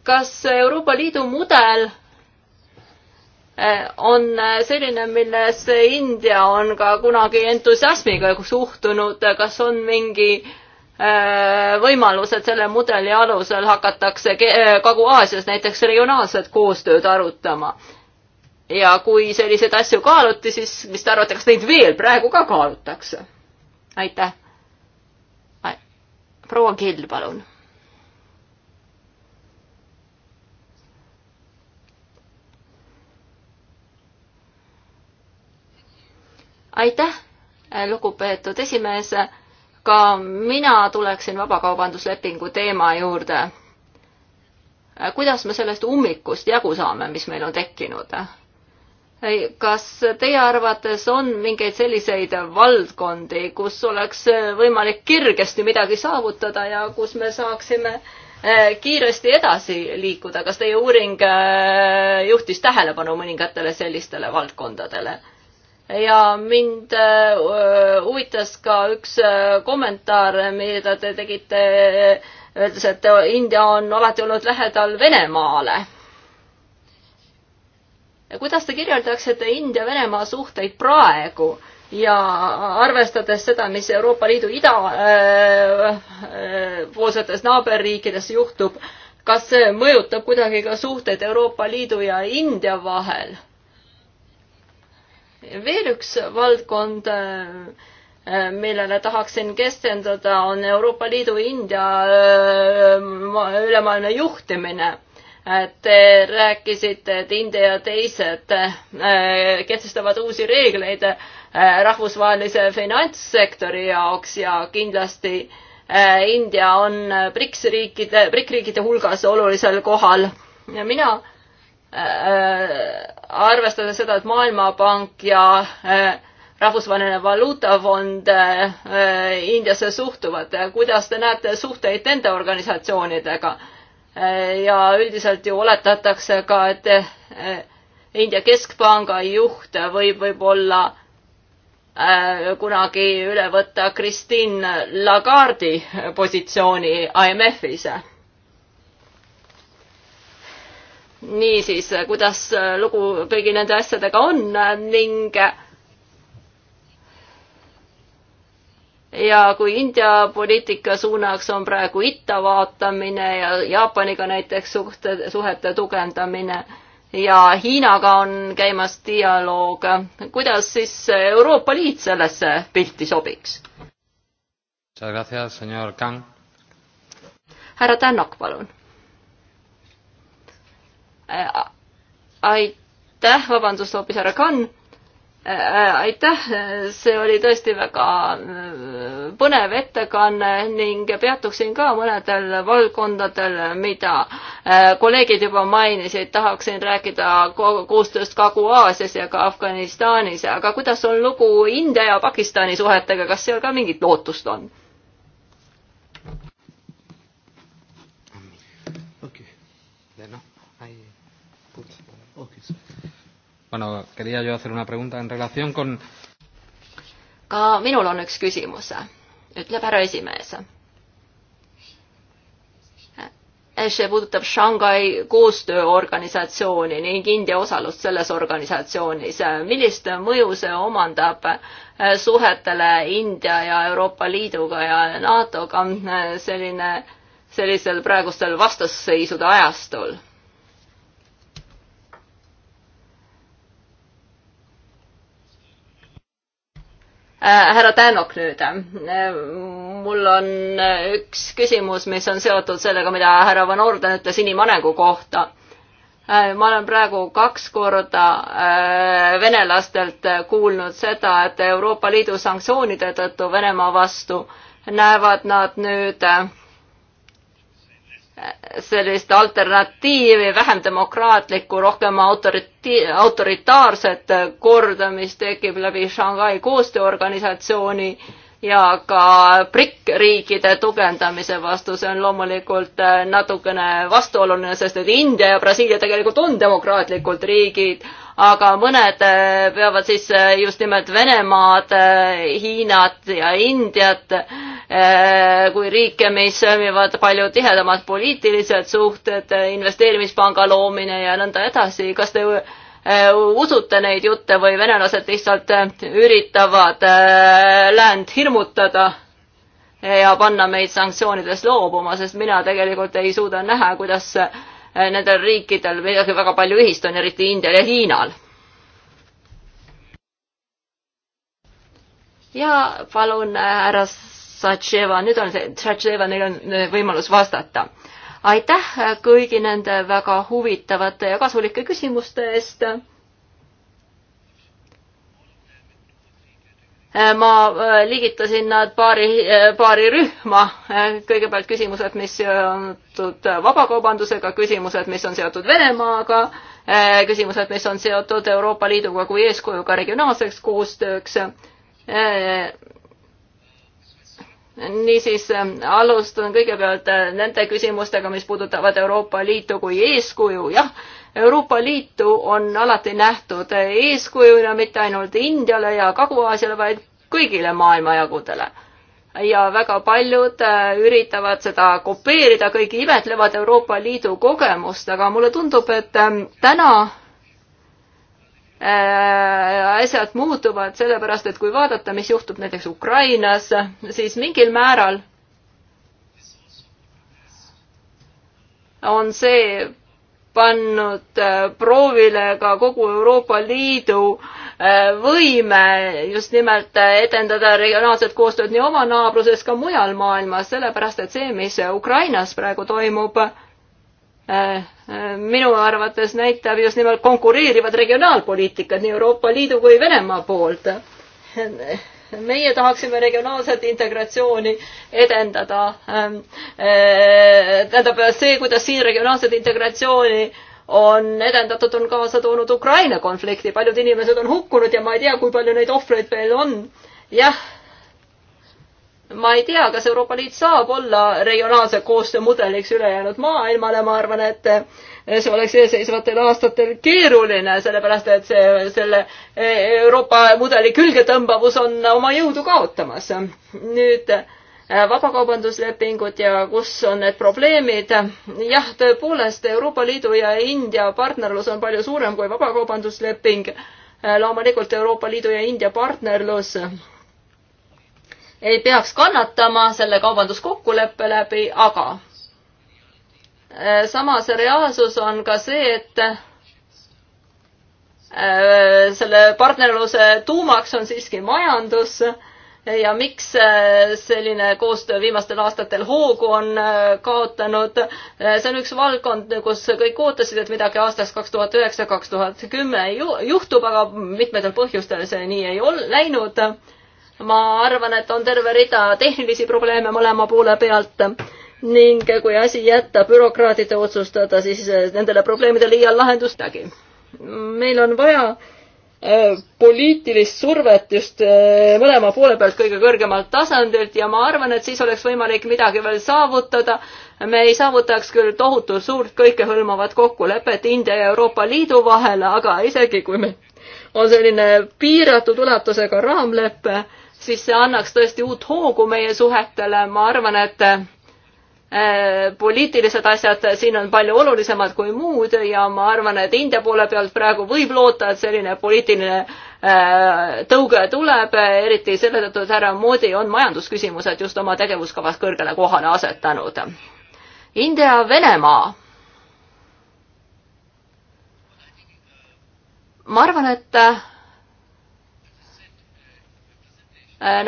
kas Euroopa Liidu mudel Äh, on äh, selline, millesse India on ka kunagi entusiasmiga suhtunud, kas on mingi äh, võimalus, et selle mudeli alusel hakatakse Kagu-Aasias näiteks regionaalset koostööd arutama. ja kui selliseid asju kaaluti, siis mis te arvate, kas neid veel praegu ka kaalutakse? aitäh. proua Kill, palun aitäh, lugupeetud esimees. ka mina tuleksin vabakaubanduslepingu teema juurde. kuidas me sellest ummikust jagu saame, mis meil on tekkinud? kas teie arvates on mingeid selliseid valdkondi, kus oleks võimalik kirgesti midagi saavutada ja kus me saaksime eh, kiiresti edasi liikuda, kas teie uuring eh, juhtis tähelepanu mõningatele sellistele valdkondadele? ja mind äh, huvitas ka üks äh, kommentaar, mida te tegite, öeldes, et India on alati olnud lähedal Venemaale. kuidas te kirjeldaksite India-Venemaa suhteid praegu ja arvestades seda, mis Euroopa Liidu idapoolsetes äh, äh, naaberriikides juhtub, kas see mõjutab kuidagi ka suhteid Euroopa Liidu ja India vahel? veel üks valdkond, äh, millele tahaksin keskenduda, on Euroopa Liidu India äh, ülemaailmne juhtimine äh, Te rääkisite, et India ja teised kehtestavad uusi reegleid rahvusvahelise finantssektori jaoks ja kindlasti India on BRICS riikide, BRIC riikide hulgas olulisel kohal. mina Äh, arvestades seda, et Maailmapank ja äh, rahvusvaheline valuutafond äh, Indiasse suhtuvad, kuidas te näete suhteid nende organisatsioonidega? ja üldiselt ju oletatakse ka, et India keskpanga juht võib võib-olla kunagi üle võtta Christine Lagarde'i positsiooni IMF-is niisiis, kuidas äh, lugu kõigi nende asjadega on äh, ning äh, ja kui India poliitika suunaks on praegu itta vaatamine ja Jaapaniga näiteks suhte, suhete tugevdamine ja Hiinaga on käimas dialoog, kuidas siis Euroopa Liit sellesse pilti sobiks? härra Tännok, palun Äh, aitäh, vabandust, hoopis härra Kann. Äh, äh, aitäh, see oli tõesti väga põnev ettekanne ning peatuksin ka mõnedel valdkondadel, mida kolleegid juba mainisid, tahaksin rääkida koostööst Kagu-Aasias ja ka Afganistanis, aga kuidas on lugu India ja Pakistani suhetega, kas seal ka mingit lootust on? Bueno, quería yo hacer una pregunta en relación con... ka minul on üks küsimus, ütleb härra esimees. Eh, see puudutab Shanghai koostööorganisatsiooni ning India osalust selles organisatsioonis. millist mõju see omandab eh, suhetele India ja Euroopa Liiduga ja NATO-ga eh, selline, sellisel praegustel vastasseisude ajastul? Äh, härra Tänok nüüd. Äh, mul on äh, üks küsimus, mis on seotud sellega, mida härra Van Orden ütles inimarengu kohta ma olen praegu kaks korda venelastelt kuulnud seda, et Euroopa Liidu sanktsioonide tõttu Venemaa vastu näevad nad nüüd äh, sellist alternatiivi, vähem demokraatlikku, rohkem autoriti-, autoritaarset korda, mis tekib läbi Shanghai koostööorganisatsiooni ja ka BRIC riikide tugevdamise vastu, see on loomulikult natukene vastuoluline, sest et India ja Brasiilia tegelikult on demokraatlikud riigid aga mõned äh, peavad siis äh, just nimelt Venemaad, äh, Hiinat ja Indiat kui riike, mis sõlmivad palju tihedamad poliitilised suhted, investeerimispanga loomine ja nõnda edasi. kas te usute neid jutte või venelased lihtsalt üritavad läänd hirmutada? ja panna meid sanktsioonidest loobuma, sest mina tegelikult ei suuda näha, kuidas äh, Äh, nendel riikidel midagi väga palju ühist on, eriti Indial ja Hiinal. ja palun äh, härra Satševa, nüüd on see, Satševa, neil on äh, võimalus vastata. aitäh kõigi nende väga huvitavate ja kasulike küsimuste eest Äh, ma äh, liigitasin nad paari, äh, paari rühma. kõigepealt küsimused, mis seotud vabakaubandusega, küsimused, mis on seotud Venemaaga, küsimused, mis on seotud Euroopa Liiduga kui eeskujuga regionaalseks koostööks. niisiis alustan kõigepealt nende küsimustega, mis puudutavad Euroopa Liitu kui eeskuju, jah Euroopa Liitu on alati nähtud eeskujuna mitte ainult Indiale ja Kagu-Aasiale, vaid kõigile maailmajagudele. ja väga paljud äh, üritavad seda kopeerida, kõik imetlevad Euroopa Liidu kogemust, aga mulle tundub, et ähm, täna äh, asjad muutuvad, sellepärast et kui vaadata, mis juhtub näiteks Ukrainas, siis mingil määral on see pannud äh, proovile ka kogu Euroopa Liidu äh, võime just nimelt äh, edendada regionaalset koostööd nii oma naabruses ka mujal maailmas, sellepärast et see, mis Ukrainas praegu toimub, minu arvates näitab just nimelt konkureerivat regionaalpoliitikat nii Euroopa Liidu kui Venemaa poolt [laughs] meie tahaksime regionaalset integratsiooni edendada. Ähm, äh, tähendab, see, kuidas siin regionaalset integratsiooni on edendatud, on kaasa toonud Ukraina konflikti, paljud inimesed on hukkunud ja ma ei tea, kui palju neid ohvreid veel on. jah, ma ei tea, kas Euroopa Liit saab olla regionaalse koostöö mudeliks ülejäänud maailmale, ma arvan, et see oleks eesseisvatel aastatel keeruline, sellepärast et see, selle e, Euroopa mudeli külgetõmbavus on oma jõudu kaotamas. nüüd e, vabakaubanduslepingud ja kus on need probleemid. jah, tõepoolest Euroopa Liidu ja India partnerlus on palju suurem kui vabakaubandusleping. E, loomulikult Euroopa Liidu ja India partnerlus ei peaks kannatama selle kaubanduskokkuleppe läbi, aga Äh, samas reaalsus on ka see, et äh, selle partnerluse tuumaks on siiski majandus ja miks äh, selline koostöö viimastel aastatel hoogu on kaotanud. see on üks valdkond, kus kõik ootasid, et midagi aastaks kaks tuhat üheksa, kaks tuhat kümme juhtub, aga mitmedel põhjustel see nii ei ol-, läinud. ma arvan, et on terve rida tehnilisi probleeme mõlema poole pealt ning kui asi jätta bürokraatide otsustada, siis eh, nendele probleemidele iial lahendust nägi. meil on vaja eh, poliitilist survet just eh, mõlema poole pealt kõige kõrgemalt tasandilt ja ma arvan, et siis oleks võimalik midagi veel saavutada. me ei saavutaks küll tohutult suurt kõikehõlmavat kokkulepet India ja Euroopa Liidu vahel, aga isegi kui meil on selline piiratud ulatusega raamlepe, siis see annaks tõesti uut hoogu meie suhetele, ma arvan, et Äh, poliitilised asjad siin on palju olulisemad kui muud ja ma arvan, et India poole pealt praegu võib loota, et selline poliitiline äh, tõuge tuleb, eriti selle tõttu, et härra Moodi on majandusküsimused just oma tegevuskavas kõrgele kohale asetanud. India-Venemaa. ma arvan, et äh,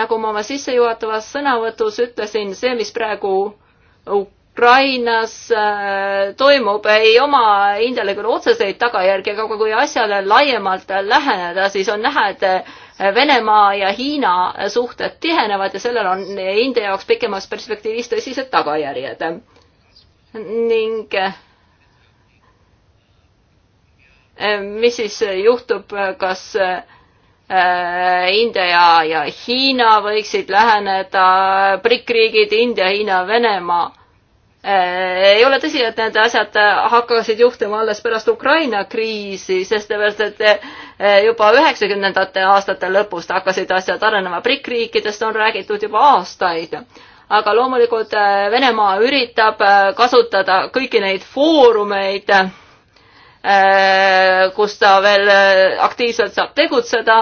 nagu ma oma sissejuhatavas sõnavõtus ütlesin, see, mis praegu Ukrainas äh, toimub, ei oma hindele küll otseseid tagajärgi, aga kui asjale laiemalt läheneda, siis on näha, et äh, Venemaa ja Hiina suhted tihenevad ja sellel on India jaoks pikemas perspektiivis tõsised tagajärjed. ning äh, mis siis juhtub, kas äh, Äh, India ja, ja Hiina võiksid läheneda, BRIC riigid, India, Hiina, Venemaa. Äh, ei ole tõsi, et need asjad hakkasid juhtuma alles pärast Ukraina kriisi, sest et äh, juba üheksakümnendate aastate lõpust hakkasid asjad arenema. BRIC riikidest on räägitud juba aastaid aga loomulikult Venemaa üritab kasutada kõiki neid foorumeid Äh, kus ta veel äh, aktiivselt saab tegutseda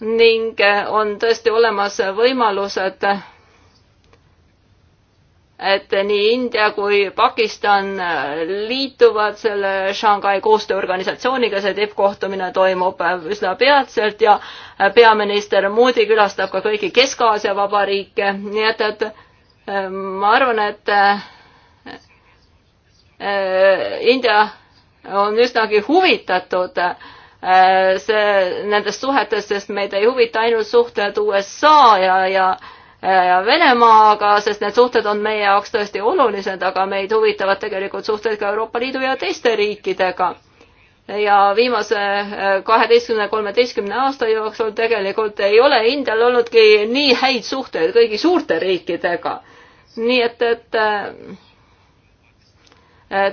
ning äh, on tõesti olemas võimalused, et nii India kui Pakistan liituvad selle Shanghai koostööorganisatsiooniga, see tippkohtumine toimub üsna peatselt ja peaminister Moodi külastab ka kõiki Kesk-Aasia vabariike, nii et, et ma arvan, et India on üsnagi huvitatud äh, see, nendest suhetest, sest meid ei huvita ainult suhted USA ja, ja ja Venemaaga, sest need suhted on meie jaoks tõesti olulised, aga meid huvitavad tegelikult suhted ka Euroopa Liidu ja teiste riikidega ja viimase äh, kaheteistkümne, kolmeteistkümne aasta jooksul tegelikult ei ole Indial olnudki nii häid suhteid kõigi suurte riikidega. nii et, et äh,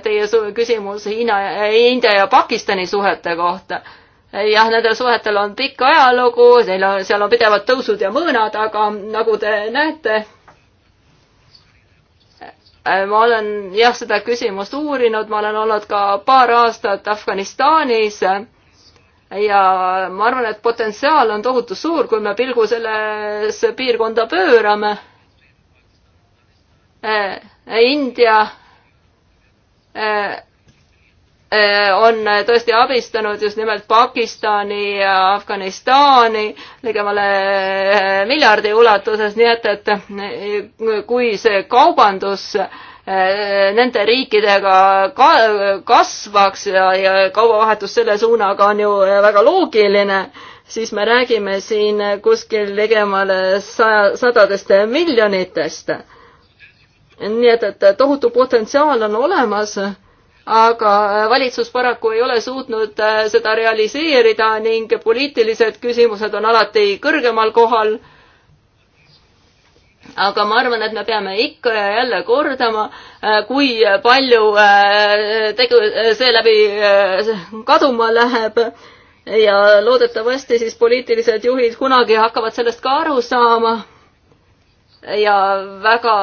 teie küsimus Hiina, India ja Pakistani suhete kohta. jah, nendel suhetel on pikk ajalugu, neil on, seal on pidevad tõusud ja mõõnad, aga nagu te näete, ma olen jah, seda küsimust uurinud, ma olen olnud ka paar aastat Afganistanis ja ma arvan, et potentsiaal on tohutu suur, kui me pilgu sellesse piirkonda pöörame. India Äh, äh, on tõesti abistanud just nimelt Pakistani ja Afganistani ligemale äh, miljardi ulatuses, nii et, et kui see kaubandus nende riikidega ka kasvaks ja, ja kaubavahetus selle suunaga on ju väga loogiline, siis me räägime siin kuskil ligemale saja, sadadest miljonitest nii et, et tohutu potentsiaal on olemas, aga valitsus paraku ei ole suutnud äh, seda realiseerida ning poliitilised küsimused on alati kõrgemal kohal aga ma arvan, et me peame ikka ja jälle kordama, äh, kui palju äh, tegu, seeläbi kaduma läheb ja loodetavasti siis poliitilised juhid kunagi hakkavad sellest ka aru saama ja väga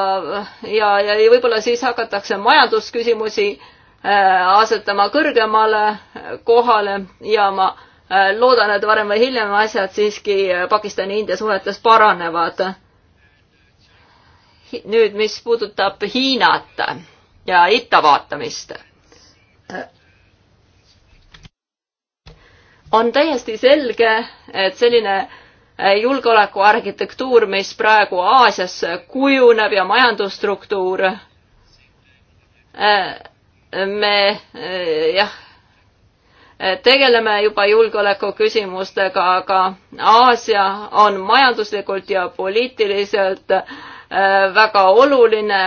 ja, ja võib-olla siis hakatakse majandusküsimusi äh, asetama kõrgemale kohale ja ma äh, loodan, et varem või hiljem asjad siiski äh, Pakistani-India suhetes paranevad. nüüd, mis puudutab Hiinat ja itta vaatamist. on täiesti selge, et selline Äh, julgeolekuarhitektuur, mis praegu Aasias kujuneb ja majandusstruktuur. Äh, me äh, jah, tegeleme juba julgeolekuküsimustega, aga Aasia on majanduslikult ja poliitiliselt väga oluline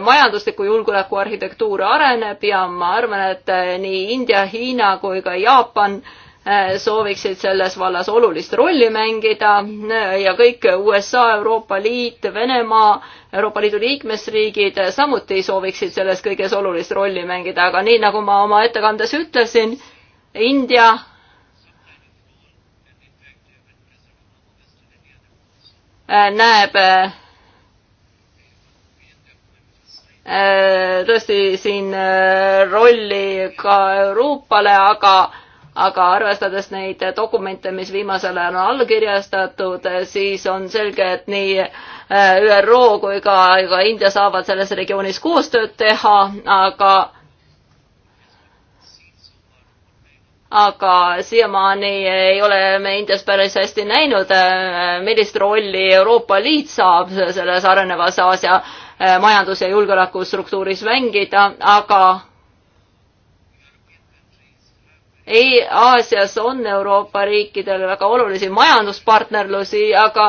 majandusliku julgeolekuarhitektuur areneb ja ma arvan, et nii India, Hiina kui ka Jaapan äh, Äh, sooviksid selles vallas olulist rolli mängida äh, ja kõik USA, Euroopa Liit, Venemaa, Euroopa Liidu liikmesriigid äh, samuti sooviksid selles kõiges olulist rolli mängida, aga nii nagu ma oma ettekandes ütlesin, India näeb tõesti siin rolli ka Euroopale, aga aga arvestades neid dokumente, mis viimasel ajal on allkirjastatud, siis on selge, et nii äh, ÜRO kui ka, ka India saavad selles regioonis koostööd teha, aga aga siiamaani ei ole me Indias päris hästi näinud, äh, millist rolli Euroopa Liit saab selles arenevas Aasia äh, majandus- ja julgeolekustruktuuris mängida, aga ei, Aasias on Euroopa riikidel väga olulisi majanduspartnerlusi, aga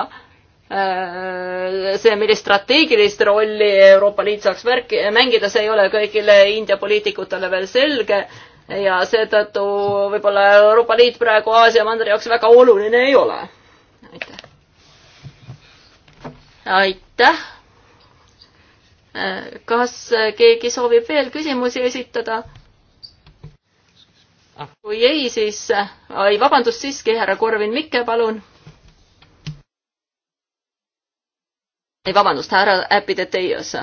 äh, see, millist strateegilist rolli Euroopa Liit saaks märki, mängida, see ei ole kõigile India poliitikutele veel selge ja seetõttu võib-olla Euroopa Liit praegu Aasia mandri jaoks väga oluline ei ole. aitäh. aitäh. Äh, kas keegi soovib veel küsimusi esitada? kui ei, siis, ei äh, vabandust siiski, härra Korvin-Mikke, palun. ei vabandust, härra Äpideteios.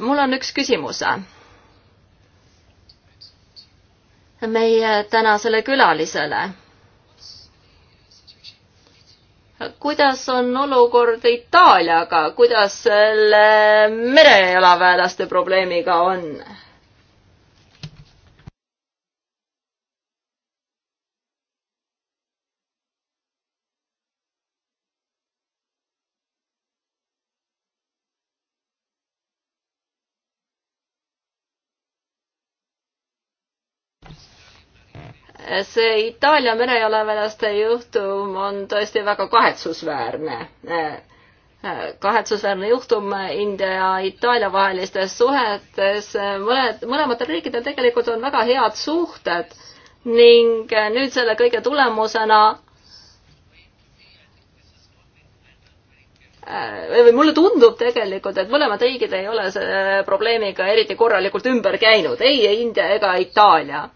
mul on üks küsimus. meie tänasele külalisele kuidas on olukord Itaaliaga, kuidas selle merejalaväelaste probleemiga on? see Itaalia merejalaväelaste juhtum on tõesti väga kahetsusväärne. kahetsusväärne juhtum India ja Itaalia vahelistes suhetes. mõned, mõlematel riikidel tegelikult on väga head suhted ning nüüd selle kõige tulemusena või mulle tundub tegelikult, et mõlemad riigid ei ole selle probleemiga eriti korralikult ümber käinud, ei India ega Itaalia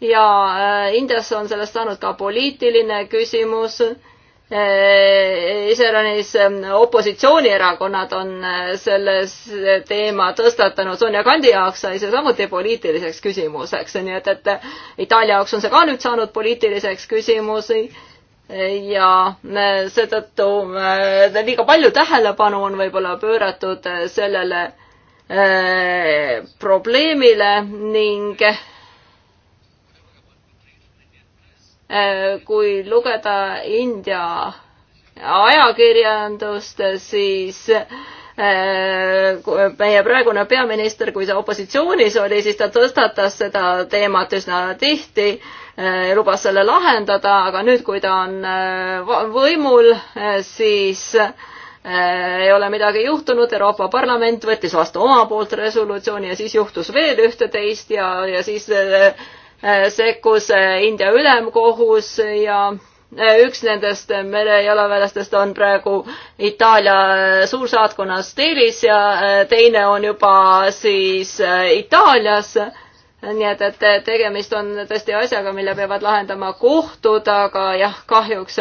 ja äh, Indias on sellest saanud ka poliitiline küsimus. Äh, iseäranis ähm, opositsioonierakonnad on äh, selles teema tõstatanud, Sonja Kandi jaoks sai see samuti poliitiliseks küsimuseks, nii et, et Itaalia jaoks on see ka nüüd saanud poliitiliseks küsimus ja seetõttu liiga palju tähelepanu on võib-olla pööratud sellele probleemile ning Äh, kui lugeda India ajakirjandust, siis äh, meie praegune peaminister, kui ta opositsioonis oli, siis ta tõstatas seda teemat üsna tihti, äh, lubas selle lahendada, aga nüüd, kui ta on võimul, siis ei ole midagi juhtunud, Euroopa Parlament võttis vastu oma poolt resolutsiooni ja siis juhtus veel ühte-teist ja, ja siis Äh, sekkus äh, India ülemkohus ja äh, üks nendest merejalaväelastest on praegu Itaalia suursaatkonnas Delis ja teine on juba siis Itaalias. nii et, et tegemist on tõesti asjaga, mille peavad lahendama kohtud, aga jah, kahjuks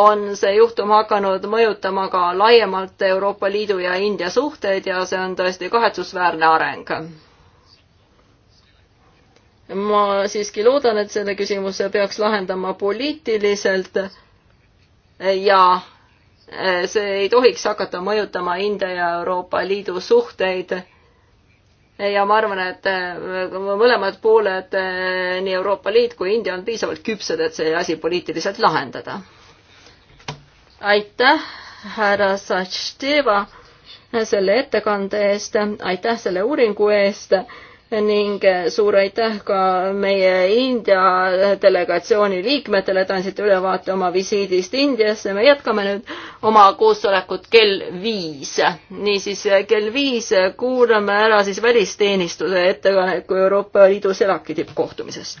on see juhtum hakanud mõjutama ka laiemalt Euroopa Liidu ja India suhteid ja see on tõesti kahetsusväärne areng ma siiski loodan, et selle küsimuse peaks lahendama poliitiliselt ja eh, see ei tohiks hakata mõjutama India ja Euroopa Liidu suhteid. ja ma arvan, et eh, mõlemad pooled, eh, nii Euroopa Liit kui India on piisavalt küpsed, et see asi poliitiliselt lahendada. aitäh, härra Sachteva selle ettekande eest, aitäh selle uuringu eest ning eh, suur aitäh ka meie India delegatsiooni liikmetele, et andsite ülevaate oma visiidist Indiasse. me jätkame nüüd oma koosolekut kell viis. niisiis eh, kell viis eh, kuulame ära siis välisteenistuse ettepaneku Euroopa Liidu SELAK-i tippkohtumisest.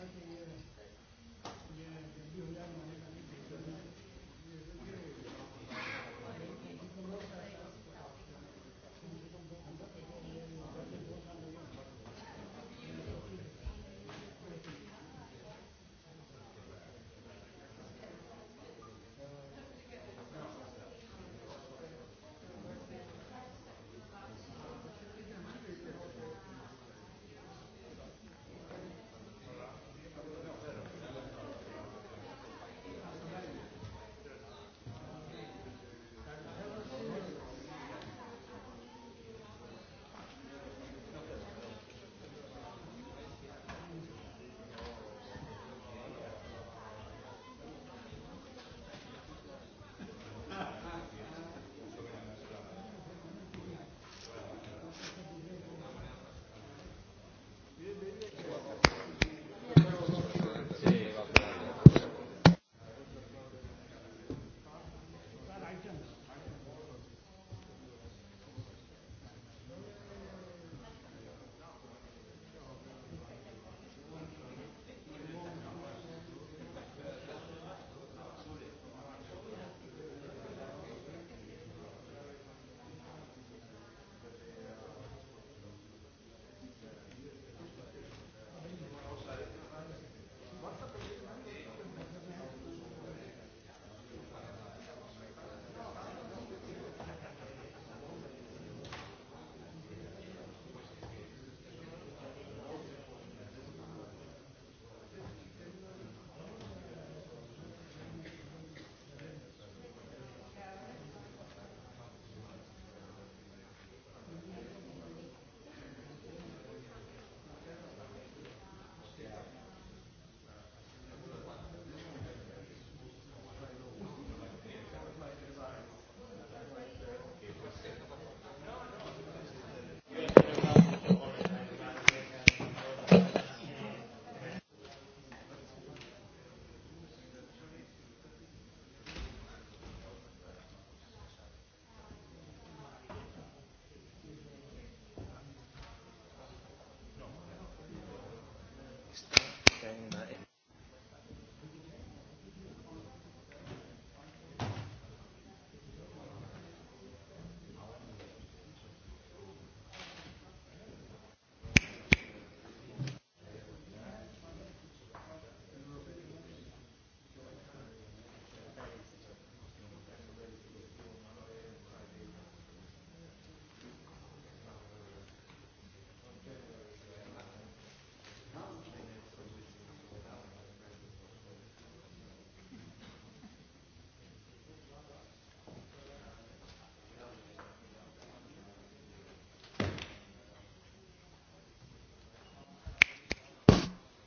Gracias.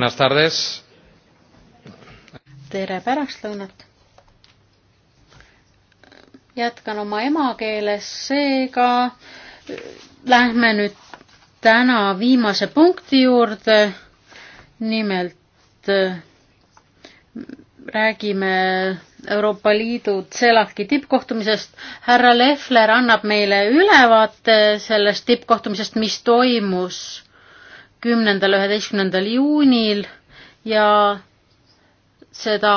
Buenas tardes. tere pärastlõunat. jätkan oma emakeeles, seega lähme nüüd täna viimase punkti juurde. nimelt äh, räägime Euroopa Liidu CELAC-i tippkohtumisest. härra Lehler annab meile ülevaate sellest tippkohtumisest, mis toimus kümnendal, üheteistkümnendal juunil ja seda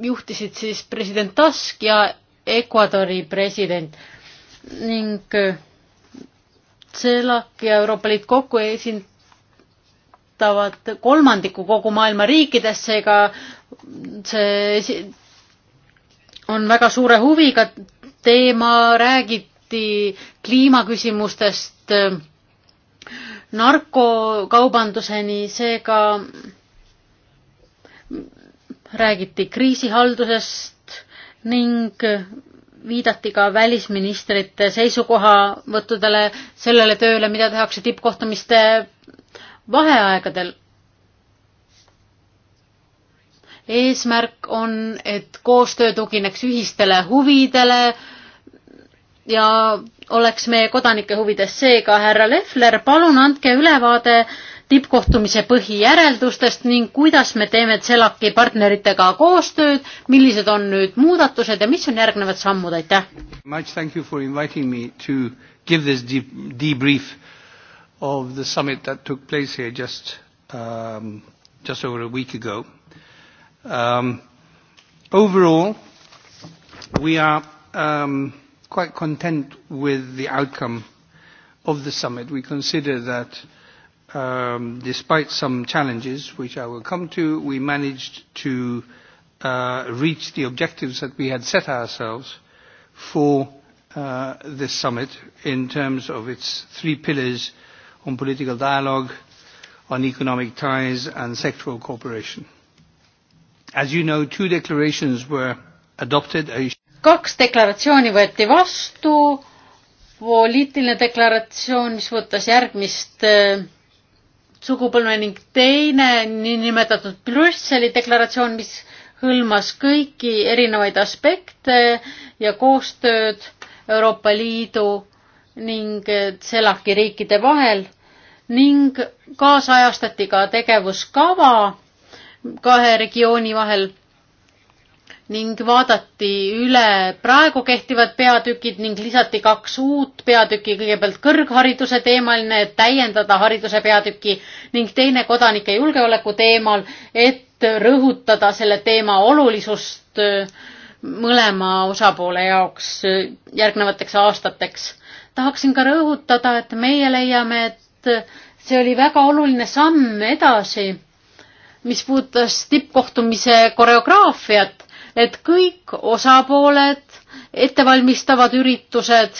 juhtisid siis president Tusk ja Ecuadori president ning äh, CELAC ja Euroopa Liit kokku esindavad kolmandiku kogu maailma riikidest, seega see on väga suure huviga teema, räägiti kliimaküsimustest äh, narkokaubanduseni, seega räägiti kriisihaldusest ning viidati ka välisministrite seisukohavõttudele sellele tööle, mida tehakse tippkohtumiste vaheaegadel. eesmärk on, et koostöö tugineks ühistele huvidele, ja oleks meie kodanike huvides. seega, härra Lehler, palun andke ülevaade tippkohtumise põhijäreldustest ning kuidas me teeme CELAC-i partneritega koostööd, millised on nüüd muudatused ja mis on järgnevad sammud, aitäh! give this de debrief of the summit that took place here just um, just over a week ago. Um, overall, we are um, quite content with the outcome of the summit. We consider that um, despite some challenges, which I will come to, we managed to uh, reach the objectives that we had set ourselves for uh, this summit in terms of its three pillars on political dialogue, on economic ties and sectoral cooperation. As you know, two declarations were adopted, a kaks deklaratsiooni võeti vastu, poliitiline deklaratsioon, mis võttis järgmist eh, sugupõlve ning teine niinimetatud Brüsseli deklaratsioon, mis hõlmas kõiki erinevaid aspekte ja koostööd Euroopa Liidu ning CELAC-i eh, riikide vahel ning kaasajastati ka tegevuskava kahe regiooni vahel ning vaadati üle praegu kehtivad peatükid ning lisati kaks uut peatükki, kõigepealt kõrghariduse teemaline, et täiendada hariduse peatükki ning teine kodanike julgeoleku teemal, et rõhutada selle teema olulisust äh, mõlema osapoole jaoks äh, järgnevateks aastateks. tahaksin ka rõhutada, et meie leiame, et see oli väga oluline samm edasi, mis puudutas tippkohtumise koreograafiat et kõik osapooled ettevalmistavad üritused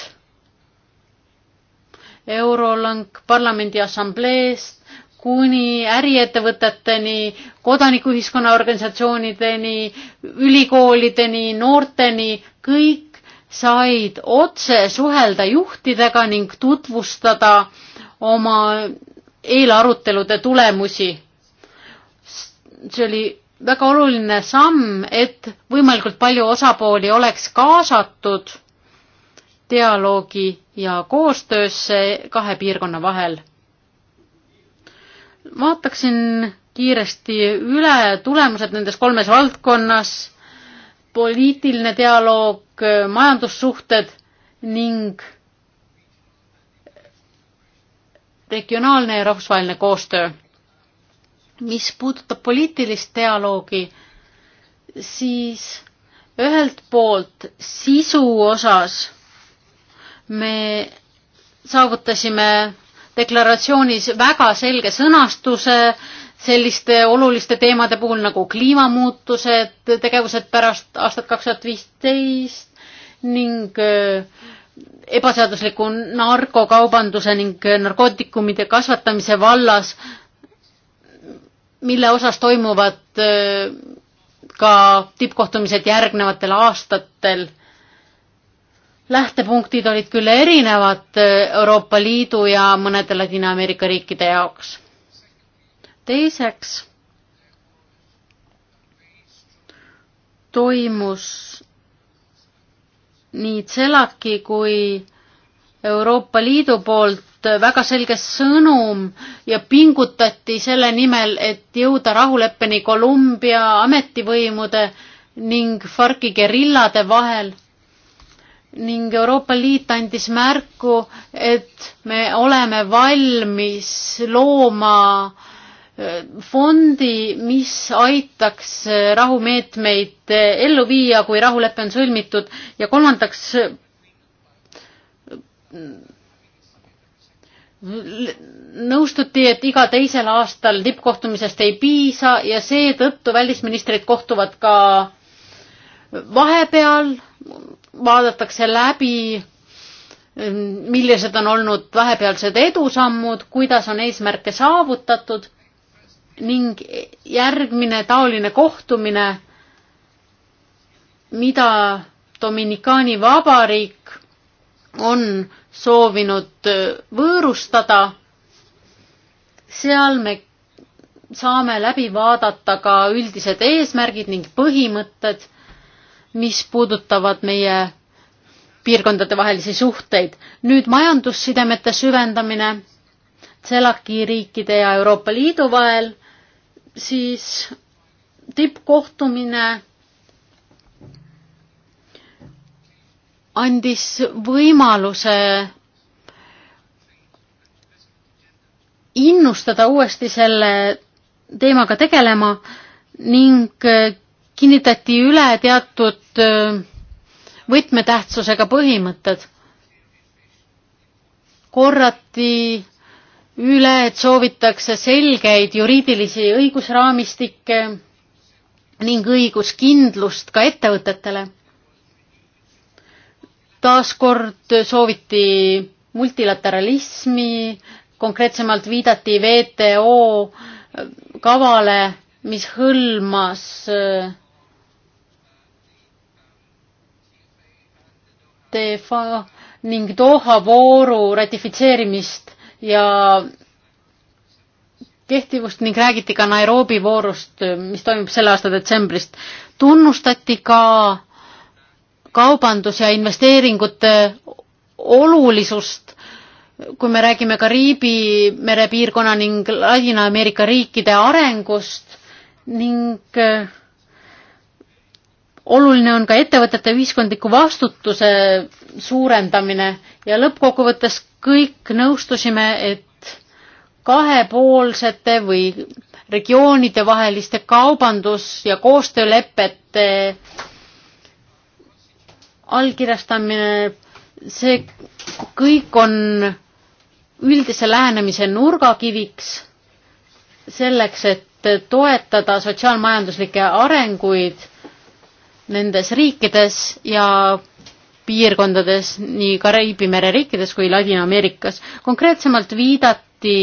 Eurolank parlamendi assambleest kuni äriettevõteteni, kodanikuühiskonna organisatsioonideni, ülikoolideni, noorteni, kõik said otse suhelda juhtidega ning tutvustada oma eelarutelude tulemusi. see oli väga oluline samm, et võimalikult palju osapooli oleks kaasatud dialoogi ja koostöösse kahe piirkonna vahel. vaataksin kiiresti üle tulemused nendes kolmes valdkonnas, poliitiline dialoog, majandussuhted ning regionaalne ja rahvusvaheline koostöö mis puudutab poliitilist dialoogi, siis ühelt poolt sisu osas me saavutasime deklaratsioonis väga selge sõnastuse selliste oluliste teemade puhul nagu kliimamuutused, tegevused pärast aastat kaks tuhat viisteist ning äh, ebaseadusliku narkokaubanduse ning narkootikumide kasvatamise vallas mille osas toimuvad äh, ka tippkohtumised järgnevatel aastatel. lähtepunktid olid küll erinevad äh, Euroopa Liidu ja mõnede Ladina-Ameerika riikide jaoks. teiseks toimus nii CELAC-i kui Euroopa Liidu poolt väga selge sõnum ja pingutati selle nimel, et jõuda rahuleppeni Kolumbia ametivõimude ning FARC-i gerillade vahel. ning Euroopa Liit andis märku, et me oleme valmis looma äh, fondi, mis aitaks äh, rahumeetmeid äh, ellu viia, kui rahulepe on sõlmitud ja kolmandaks nõustuti, et iga teisel aastal tippkohtumisest ei piisa ja seetõttu välisministrid kohtuvad ka vahepeal, vaadatakse läbi, millised on olnud vahepealsed edusammud, kuidas on eesmärke saavutatud ning järgmine taoline kohtumine, mida Dominikaani Vabariik on soovinud võõrustada. seal me saame läbi vaadata ka üldised eesmärgid ning põhimõtted, mis puudutavad meie piirkondade vahelisi suhteid. nüüd majandussidemete süvendamine CELAC-i riikide ja Euroopa Liidu vahel, siis tippkohtumine andis võimaluse innustada uuesti selle teemaga tegelema ning kinnitati üle teatud võtmetähtsusega põhimõtted. korrati üle, et soovitakse selgeid juriidilisi õigusraamistikke ning õiguskindlust ka ettevõtetele taaskord sooviti multilateralismi, konkreetsemalt viidati WTO kavale, mis hõlmas TFA ning Doha vooru ratifitseerimist ja kehtivust ning räägiti ka Nairobi voorust, mis toimub selle aasta detsembrist. tunnustati ka kaubandus ja investeeringute olulisust, kui me räägime Kariibi merepiirkonna ning Ladina-Ameerika riikide arengust ning äh, oluline on ka ettevõtete ühiskondliku vastutuse suurendamine ja lõppkokkuvõttes kõik nõustusime, et kahepoolsete või regioonide vaheliste kaubandus- ja koostöölepete allkirjastamine, see kõik on üldise lähenemise nurgakiviks selleks, et toetada sotsiaalmajanduslikke arenguid nendes riikides ja piirkondades, nii Kariibi mere riikides kui Ladina-Ameerikas. konkreetsemalt viidati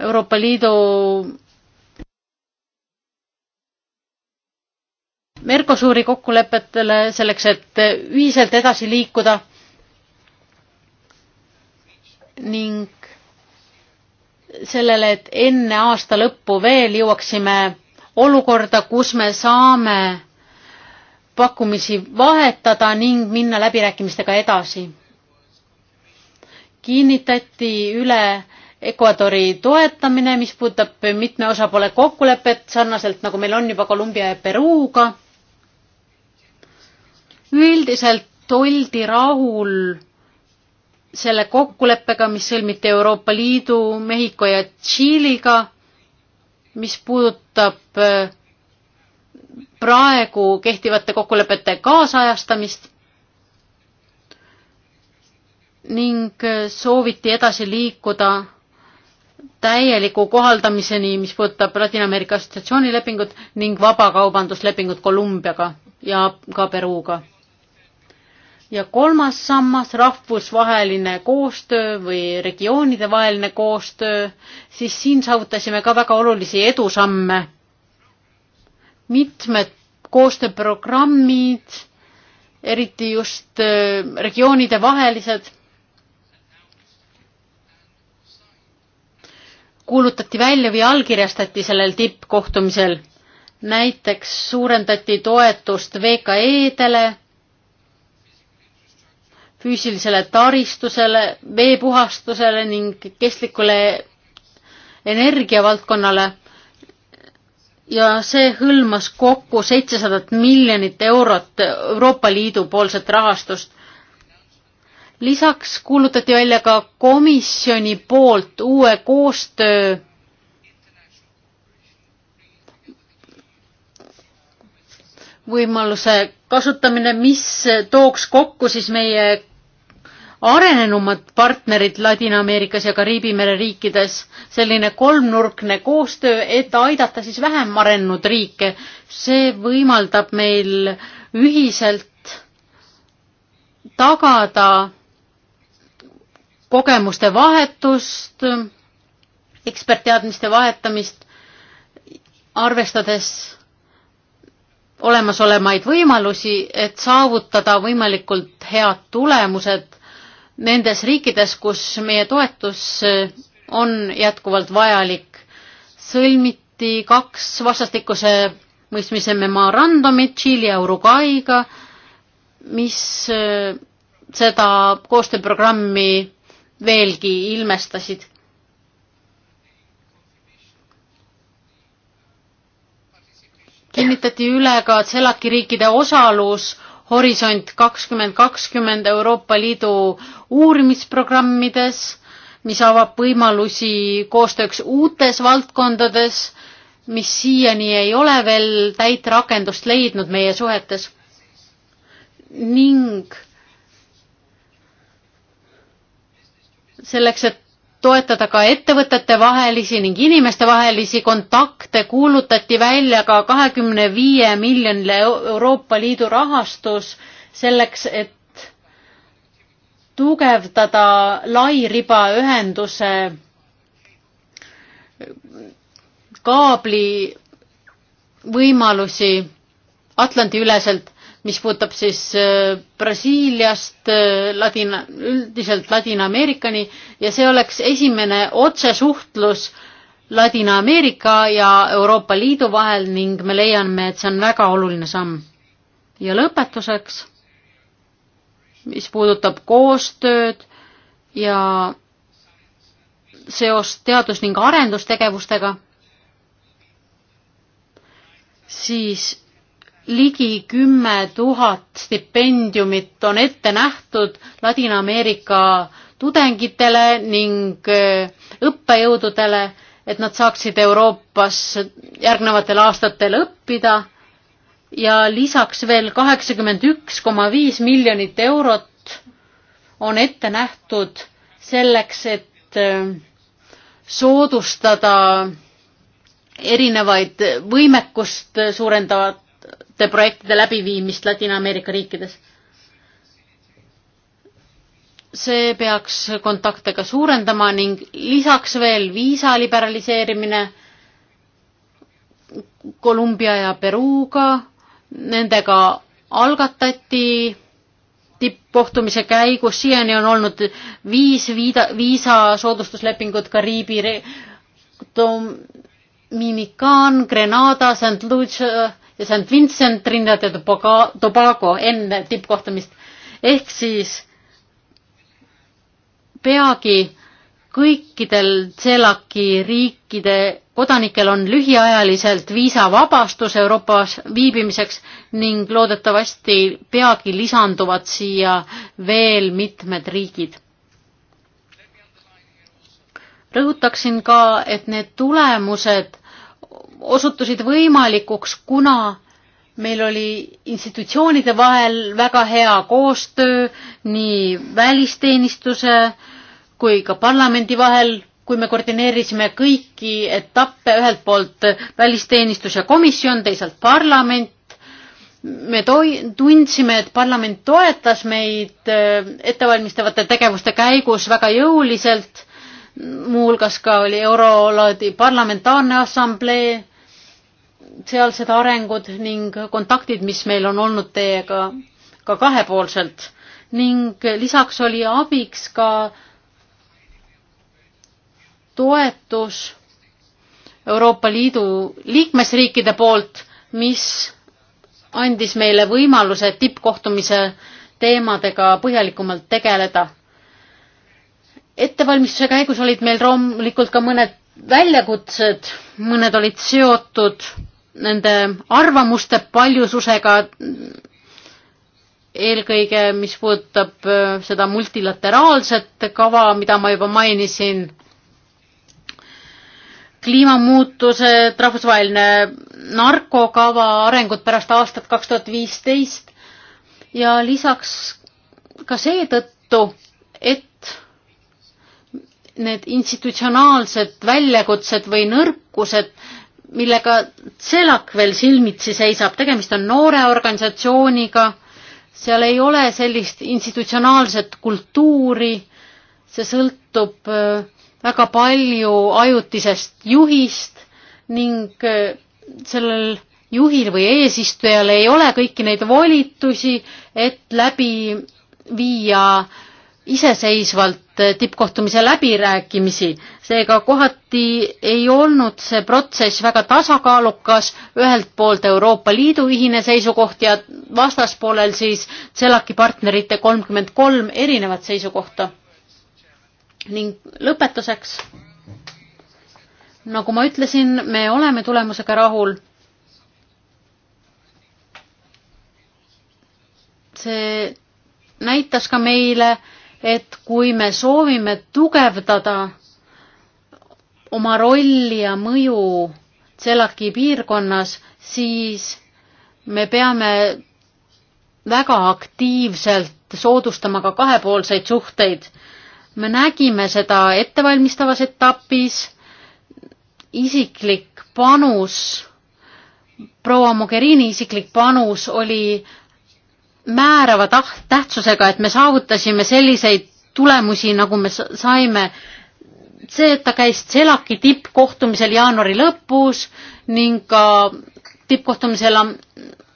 Euroopa Liidu Mercosuri kokkulepetele selleks, et ühiselt edasi liikuda ning sellele, et enne aasta lõppu veel jõuaksime olukorda, kus me saame pakkumisi vahetada ning minna läbirääkimistega edasi. kinnitati üle Ecuadori toetamine, mis puudutab mitme osapoole kokkulepet, sarnaselt nagu meil on juba Kolumbia ja Peruuga üldiselt oldi rahul selle kokkuleppega, mis sõlmiti Euroopa Liidu, Mehhiko ja Tšiiliga, mis puudutab äh, praegu kehtivate kokkulepete kaasajastamist ning äh, sooviti edasi liikuda täieliku kohaldamiseni, mis puudutab Ladina-Ameerika assotsiatsioonilepingut ning vabakaubanduslepingut Kolumbiaga ja ka Peruga ja kolmas sammas, rahvusvaheline koostöö või regioonide vaheline koostöö, siis siin saavutasime ka väga olulisi edusamme. mitmed koostööprogrammid, eriti just äh, regioonide vahelised, kuulutati välja või allkirjastati sellel tippkohtumisel. näiteks suurendati toetust VKE-dele füüsilisele taristusele, veepuhastusele ning kestlikule energiavaldkonnale. ja see hõlmas kokku seitsesadat miljonit eurot Euroopa Liidu poolset rahastust. lisaks kuulutati välja ka komisjoni poolt uue koostöö võimaluse kasutamine, mis tooks kokku siis meie arenenumad partnerid Ladina-Ameerikas ja Kariibi mere riikides, selline kolmnurkne koostöö, et aidata siis vähem arenenud riike. see võimaldab meil ühiselt tagada kogemuste vahetust, ekspertteadmiste vahetamist, arvestades olemasolevaid võimalusi, et saavutada võimalikult head tulemused nendes riikides, kus meie toetus on jätkuvalt vajalik. sõlmiti kaks vastastikuse mõistmise memorandumit Tšiili ja Uruguay'ga, mis äh, seda koostööprogrammi veelgi ilmestasid. kinnitati üle ka CELAC-i riikide osalus Horisont kakskümmend kakskümmend Euroopa Liidu uurimisprogrammides, mis avab võimalusi koostööks uutes valdkondades, mis siiani ei ole veel täit rakendust leidnud meie suhetes. ning selleks, et toetada ka ettevõtetevahelisi ning inimestevahelisi kontakte, kuulutati välja ka kahekümne viie miljonile Euroopa Liidu rahastus selleks, et tugevdada lairibaühenduse kaabli võimalusi Atlandi üleselt mis puudutab siis äh, Brasiiliast äh, Ladina, üldiselt Ladina-Ameerikani ja see oleks esimene otsesuhtlus Ladina-Ameerika ja Euroopa Liidu vahel ning me leiame, et see on väga oluline samm. ja lõpetuseks, mis puudutab koostööd ja seost teadus- ning arendustegevustega, siis ligi kümme tuhat stipendiumit on ette nähtud Ladina-Ameerika tudengitele ning äh, õppejõududele, et nad saaksid Euroopas järgnevatel aastatel õppida ja lisaks veel kaheksakümmend üks koma viis miljonit eurot on ette nähtud selleks, et äh, soodustada erinevaid võimekust suurendavat suurte projektide läbiviimist Ladina-Ameerika riikides. see peaks kontakte ka suurendama ning lisaks veel viisa liberaliseerimine Kolumbia ja Peruga, nendega algatati tippkohtumise käigus, siiani on olnud viis viida, viisa soodustuslepingut Kariibi Dominican, Grenada, St Lucia ja St Vincent, Trinidad ja Tobago enne tippkohtumist. ehk siis peagi kõikidel CELAC-i riikide kodanikel on lühiajaliselt viisavabastus Euroopas viibimiseks ning loodetavasti peagi lisanduvad siia veel mitmed riigid. rõhutaksin ka, et need tulemused osutusid võimalikuks, kuna meil oli institutsioonide vahel väga hea koostöö nii välisteenistuse kui ka parlamendi vahel, kui me koordineerisime kõiki etappe, ühelt poolt välisteenistus ja komisjon, teisalt parlament, me toi-, tundsime, et parlament toetas meid äh, ettevalmistavate tegevuste käigus väga jõuliselt, muuhulgas ka oli Eurolaadi parlamentaarne assamblee sealsed arengud ning kontaktid, mis meil on olnud teiega ka kahepoolselt ning lisaks oli abiks ka toetus Euroopa Liidu liikmesriikide poolt, mis andis meile võimaluse tippkohtumise teemadega põhjalikumalt tegeleda. ettevalmistuse käigus olid meil loomulikult ka mõned väljakutsed, mõned olid seotud nende arvamuste paljususega, eelkõige mis puudutab äh, seda multilateraalset kava, mida ma juba mainisin, kliimamuutused, rahvusvaheline narkokava, arengud pärast aastat kaks tuhat viisteist ja lisaks ka seetõttu, et need institutsionaalsed väljakutsed või nõrkused, millega CELAC veel silmitsi seisab, tegemist on noore organisatsiooniga, seal ei ole sellist institutsionaalset kultuuri, see sõltub äh, väga palju ajutisest juhist ning äh, sellel juhil või eesistujal ei ole kõiki neid volitusi, et läbi viia äh, iseseisvalt eh, tippkohtumise läbirääkimisi, seega kohati ei olnud see protsess väga tasakaalukas, ühelt poolt Euroopa Liidu ühine seisukoht ja vastaspoolel siis CELAC-i partnerite kolmkümmend kolm erinevat seisukohta. ning lõpetuseks, nagu ma ütlesin, me oleme tulemusega rahul. see näitas ka meile, et kui me soovime tugevdada oma rolli ja mõju CELAC-i piirkonnas, siis me peame väga aktiivselt soodustama ka kahepoolseid suhteid. me nägime seda ettevalmistavas etapis, isiklik panus, proua Mogherini isiklik panus oli määrava taht-, tähtsusega, et me saavutasime selliseid tulemusi, nagu me saime. see, et ta käis CELAC-i tippkohtumisel jaanuari lõpus ning ka tippkohtumisel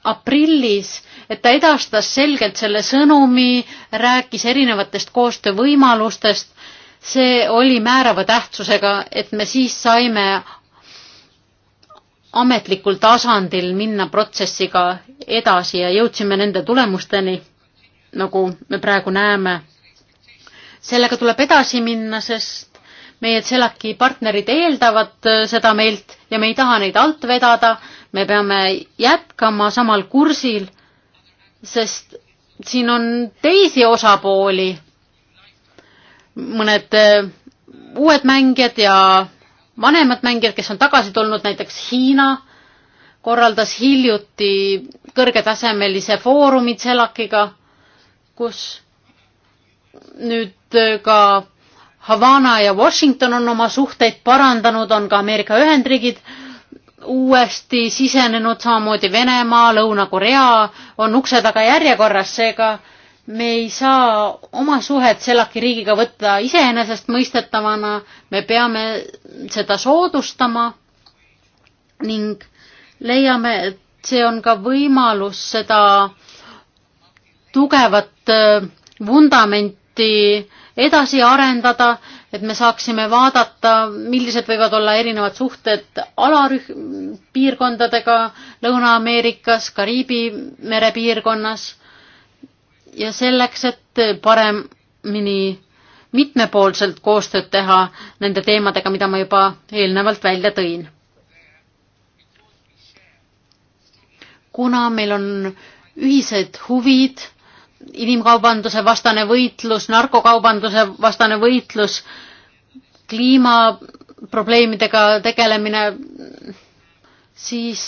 aprillis, et ta edastas selgelt selle sõnumi, rääkis erinevatest koostöövõimalustest, see oli määrava tähtsusega, et me siis saime ametlikul tasandil minna protsessiga edasi ja jõudsime nende tulemusteni, nagu me praegu näeme. sellega tuleb edasi minna, sest meie CELAC-i partnerid eeldavad seda meilt ja me ei taha neid alt vedada, me peame jätkama samal kursil, sest siin on teisi osapooli, mõned eh, uued mängijad ja vanemad mängijad, kes on tagasi tulnud, näiteks Hiina korraldas hiljuti kõrgetasemelise foorumi CELAC-iga, kus nüüd äh, ka Havana ja Washington on oma suhteid parandanud, on ka Ameerika Ühendriigid uuesti sisenenud, samamoodi Venemaa, Lõuna-Korea on ukse taga järjekorras, seega me ei saa oma suhet CELAC-i riigiga võtta iseenesestmõistetavana, me peame seda soodustama ning leiame, et see on ka võimalus seda tugevat äh, vundamenti edasi arendada, et me saaksime vaadata, millised võivad olla erinevad suhted alarühm, piirkondadega Lõuna-Ameerikas, Kariibi mere piirkonnas ja selleks, et paremini mitmepoolselt koostööd teha nende teemadega, mida ma juba eelnevalt välja tõin. kuna meil on ühised huvid, inimkaubanduse vastane võitlus, narkokaubanduse vastane võitlus, kliimaprobleemidega tegelemine, siis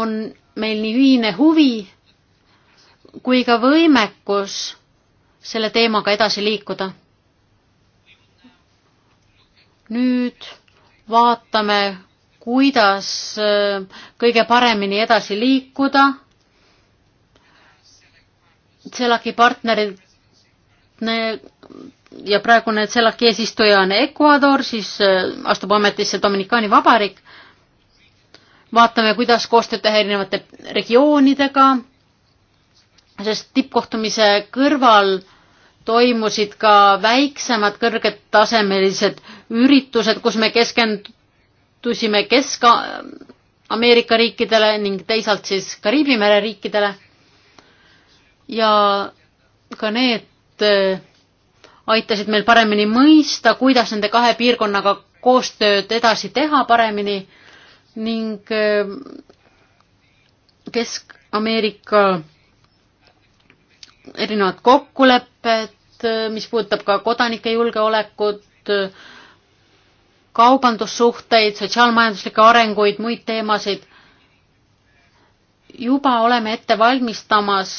on meil nii ühine huvi kui ka võimekus selle teemaga edasi liikuda. nüüd vaatame, kuidas äh, kõige paremini edasi liikuda. CELAC-i partnerid ja praegune CELAC-i eesistuja on Ecuador, siis äh, astub ametisse Dominikaani Vabariik. vaatame, kuidas koostööd teha erinevate regioonidega sest tippkohtumise kõrval toimusid ka väiksemad kõrgetasemelised üritused, kus me keskendusime Kesk-Ameerika riikidele ning teisalt siis Kariibi mere riikidele. ja ka need äh, aitasid meil paremini mõista, kuidas nende kahe piirkonnaga koostööd edasi teha paremini ning äh, Kesk-Ameerika erinevad kokkulepped, mis puudutab ka kodanike julgeolekut, kaubandussuhteid, sotsiaalmajanduslikke arenguid, muid teemasid. juba oleme ette valmistamas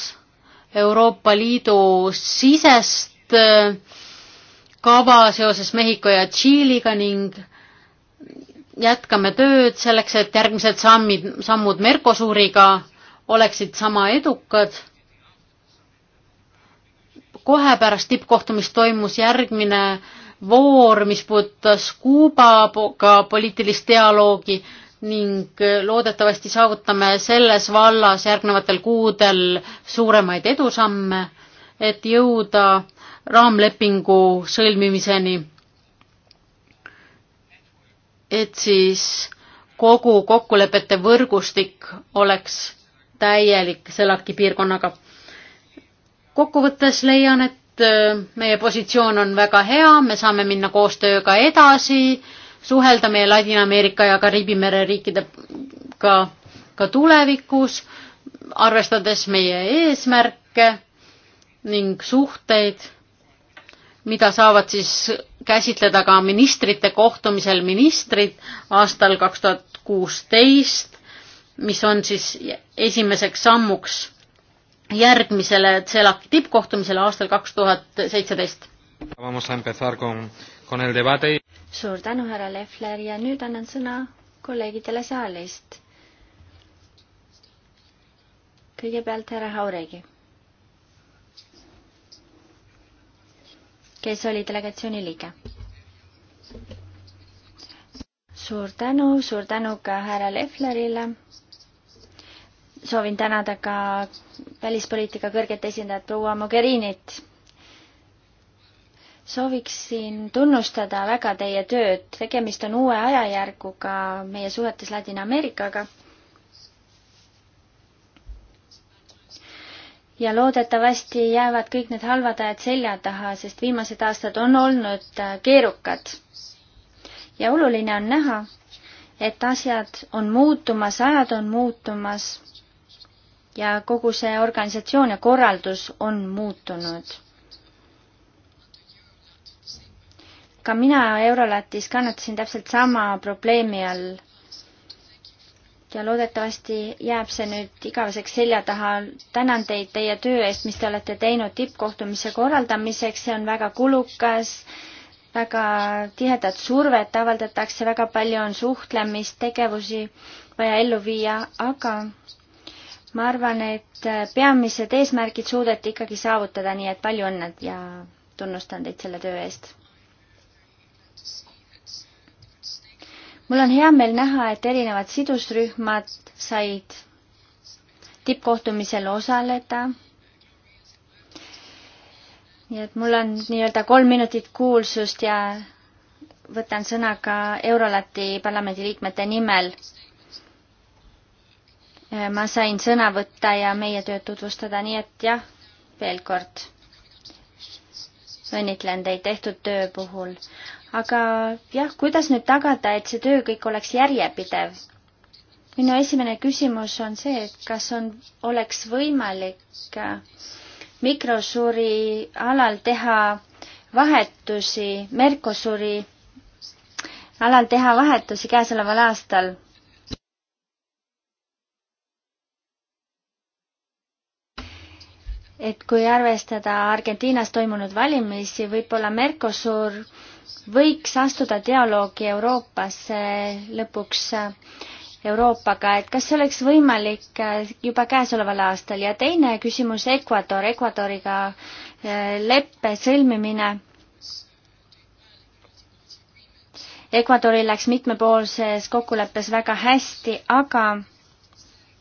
Euroopa Liidu sisest äh, kava seoses Mehhiko ja Tšiiliga ning jätkame tööd selleks, et järgmised sammid, sammud Mercosuriga oleksid sama edukad kohe pärast tippkohtumist toimus järgmine voor, mis puudutas Kuubaga poliitilist dialoogi ning äh, loodetavasti saavutame selles vallas järgnevatel kuudel suuremaid edusamme, et jõuda raamlepingu sõlmimiseni. et siis kogu kokkulepete võrgustik oleks täielik SELAK-i piirkonnaga kokkuvõttes leian, et äh, meie positsioon on väga hea, me saame minna koostööga edasi, suhelda meie Ladina-Ameerika ja Kariibi mere riikidega ka, ka tulevikus, arvestades meie eesmärke ning suhteid, mida saavad siis käsitleda ka ministrite kohtumisel ministrid aastal kaks tuhat kuusteist, mis on siis esimeseks sammuks järgmisele CELAC tippkohtumisele aastal kaks tuhat seitseteist. suur tänu, härra Lehler ja nüüd annan sõna kolleegidele saalist. kõigepealt härra Hauregi, kes oli delegatsiooni liige. suur tänu, suur tänu ka härra Lehlerile soovin tänada ka välispoliitika kõrget esindajat proua Mogherinit. sooviksin tunnustada väga teie tööd, tegemist on uue ajajärguga meie suhetes Ladina-Ameerikaga. ja loodetavasti jäävad kõik need halvad ajad selja taha, sest viimased aastad on olnud äh, keerukad. ja oluline on näha, et asjad on muutumas, ajad on muutumas ja kogu see organisatsioon ja korraldus on muutunud. ka mina Eurolatis kannatasin täpselt sama probleemi all. ja loodetavasti jääb see nüüd igaveseks selja taha. tänan teid teie töö eest, mis te olete teinud tippkohtumise korraldamiseks, see on väga kulukas väga tihedat survet avaldatakse, väga palju on suhtlemist, tegevusi vaja ellu viia, aga ma arvan, et äh, peamised eesmärgid suudeti ikkagi saavutada, nii et palju õnne ja tunnustan teid selle töö eest. mul on hea meel näha, et erinevad sidusrühmad said tippkohtumisel osaleda. nii et mul on nii-öelda kolm minutit kuulsust ja võtan sõna ka Eurolati parlamendiliikmete nimel ma sain sõna võtta ja meie tööd tutvustada, nii et jah, veel kord õnnitlen teid tehtud töö puhul. aga jah, kuidas nüüd tagada, et see töö kõik oleks järjepidev? minu esimene küsimus on see, et kas on, oleks võimalik äh, mikrosuri alal teha vahetusi, Mercosuri alal teha vahetusi käesoleval aastal et kui arvestada Argentiinas toimunud valimisi, võib-olla Mercosur võiks astuda dialoogi Euroopasse lõpuks Euroopaga, et kas see oleks võimalik äh, juba käesoleval aastal ja teine küsimus Ecuador, Ecuadoriga äh, leppe sõlmimine. Ecuadoril läks mitmepoolses kokkuleppes väga hästi, aga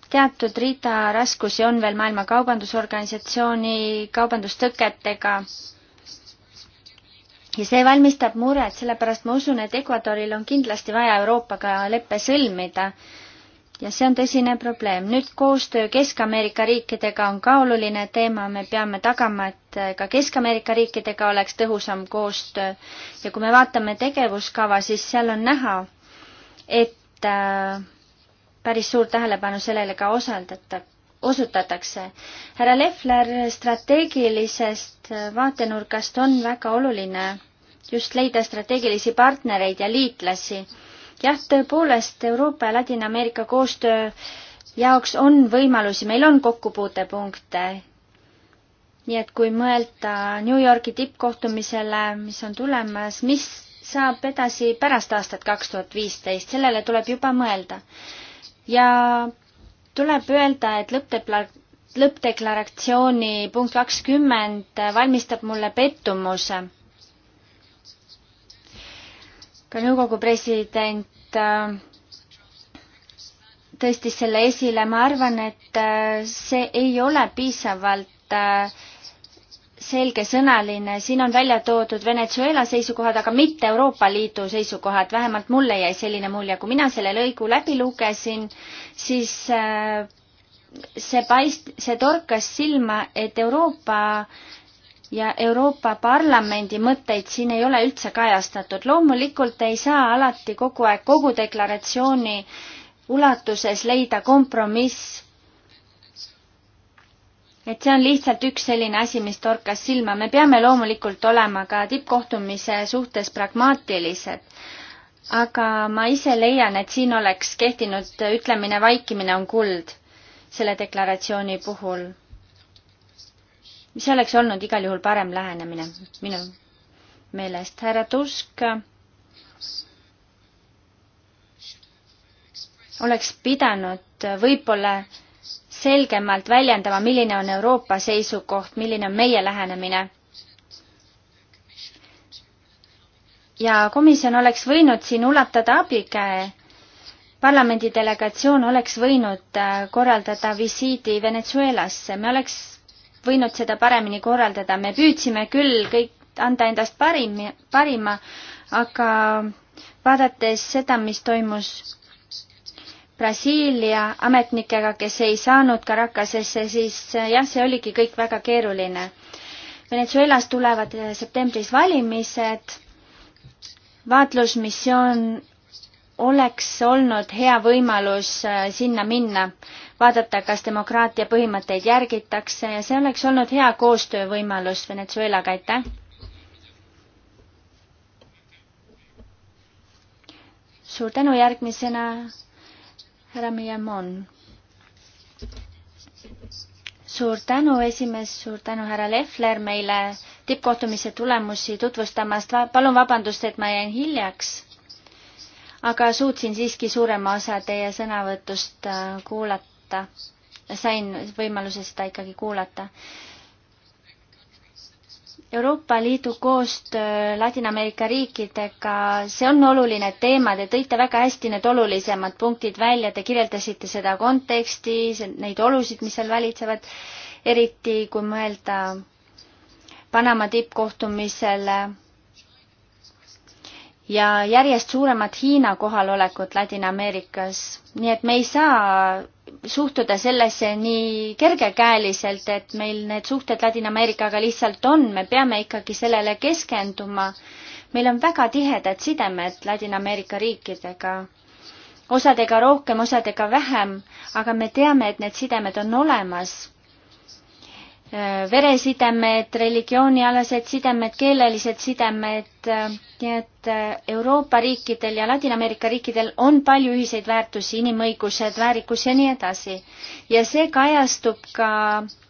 teatud rida raskusi on veel Maailma Kaubandusorganisatsiooni kaubandustõketega ja see valmistab muret, sellepärast ma usun, et Ecuadoril on kindlasti vaja Euroopaga lepe sõlmida. ja see on tõsine probleem. nüüd koostöö Kesk-Ameerika riikidega on ka oluline teema, me peame tagama, et ka Kesk-Ameerika riikidega oleks tõhusam koostöö. ja kui me vaatame tegevuskava, siis seal on näha, et äh, päris suurt tähelepanu sellele ka osaldata, osutatakse. härra Lehler, strateegilisest vaatenurgast on väga oluline just leida strateegilisi partnereid ja liitlasi. jah, tõepoolest Euroopa ja Ladina-Ameerika koostöö jaoks on võimalusi, meil on kokkupuutepunkte. nii et kui mõelda New Yorgi tippkohtumisele, mis on tulemas, mis saab edasi pärast aastat kaks tuhat viisteist, sellele tuleb juba mõelda ja tuleb öelda, et lõppdepla-, lõppdeklaratsiooni punkt kakskümmend valmistab mulle pettumuse. ka nõukogu president äh, tõstis selle esile, ma arvan, et äh, see ei ole piisavalt äh, selgesõnaline, siin on välja toodud Venezuela seisukohad, aga mitte Euroopa Liidu seisukohad, vähemalt mulle jäi selline mulje, kui mina selle lõigu läbi lugesin, siis äh, see paist-, see torkas silma, et Euroopa ja Euroopa Parlamendi mõtteid siin ei ole üldse kajastatud. loomulikult ei saa alati kogu aeg kogu deklaratsiooni ulatuses leida kompromiss et see on lihtsalt üks selline asi, mis torkas silma. me peame loomulikult olema ka tippkohtumise suhtes pragmaatilised. aga ma ise leian, et siin oleks kehtinud ütlemine vaikimine on kuld selle deklaratsiooni puhul. see oleks olnud igal juhul parem lähenemine minu meelest. härra Tusk oleks pidanud võib-olla selgemalt väljendama, milline on Euroopa seisukoht, milline on meie lähenemine. ja komisjon oleks võinud siin ulatada abikäe. parlamendi delegatsioon oleks võinud äh, korraldada visiidi Venezuelasse, me oleks võinud seda paremini korraldada, me püüdsime küll kõik anda endast parim, parima, aga vaadates seda, mis toimus Brasiilia ametnikega, kes ei saanud Caracasesse, siis eh, jah, see oligi kõik väga keeruline. Venezuelas tulevad eh, septembris valimised, vaatlusmissioon oleks olnud hea võimalus eh, sinna minna, vaadata, kas demokraatia põhimõtteid järgitakse ja see oleks olnud hea koostöövõimalus Venezuelaga, aitäh! suur tänu järgmisena härra Miemon. suur tänu, esimees, suur tänu, härra Lehler, meile tippkohtumise tulemusi tutvustamast. palun vabandust, et ma jäin hiljaks, aga suutsin siiski suurema osa teie sõnavõtust äh, kuulata. sain võimaluse seda ikkagi kuulata Euroopa Liidu koostöö Ladina-Ameerika riikidega, see on oluline teema, te tõite väga hästi need olulisemad punktid välja, te kirjeldasite seda konteksti, neid olusid, mis seal valitsevad, eriti kui mõelda Panama tippkohtumisele ja järjest suuremat Hiina kohalolekut Ladina-Ameerikas, nii et me ei saa suhtuda sellesse nii kergekäeliselt, et meil need suhted Ladina-Ameerikaga lihtsalt on, me peame ikkagi sellele keskenduma. meil on väga tihedad sidemed Ladina-Ameerika riikidega, osadega rohkem, osadega vähem, aga me teame, et need sidemed on olemas Äh, veresidemed, religioonialased sidemed, keelelised sidemed, äh, nii et äh, Euroopa riikidel ja Ladina-Ameerika riikidel on palju ühiseid väärtusi, inimõigused, väärikus ja nii edasi. ja see kajastub ka, ka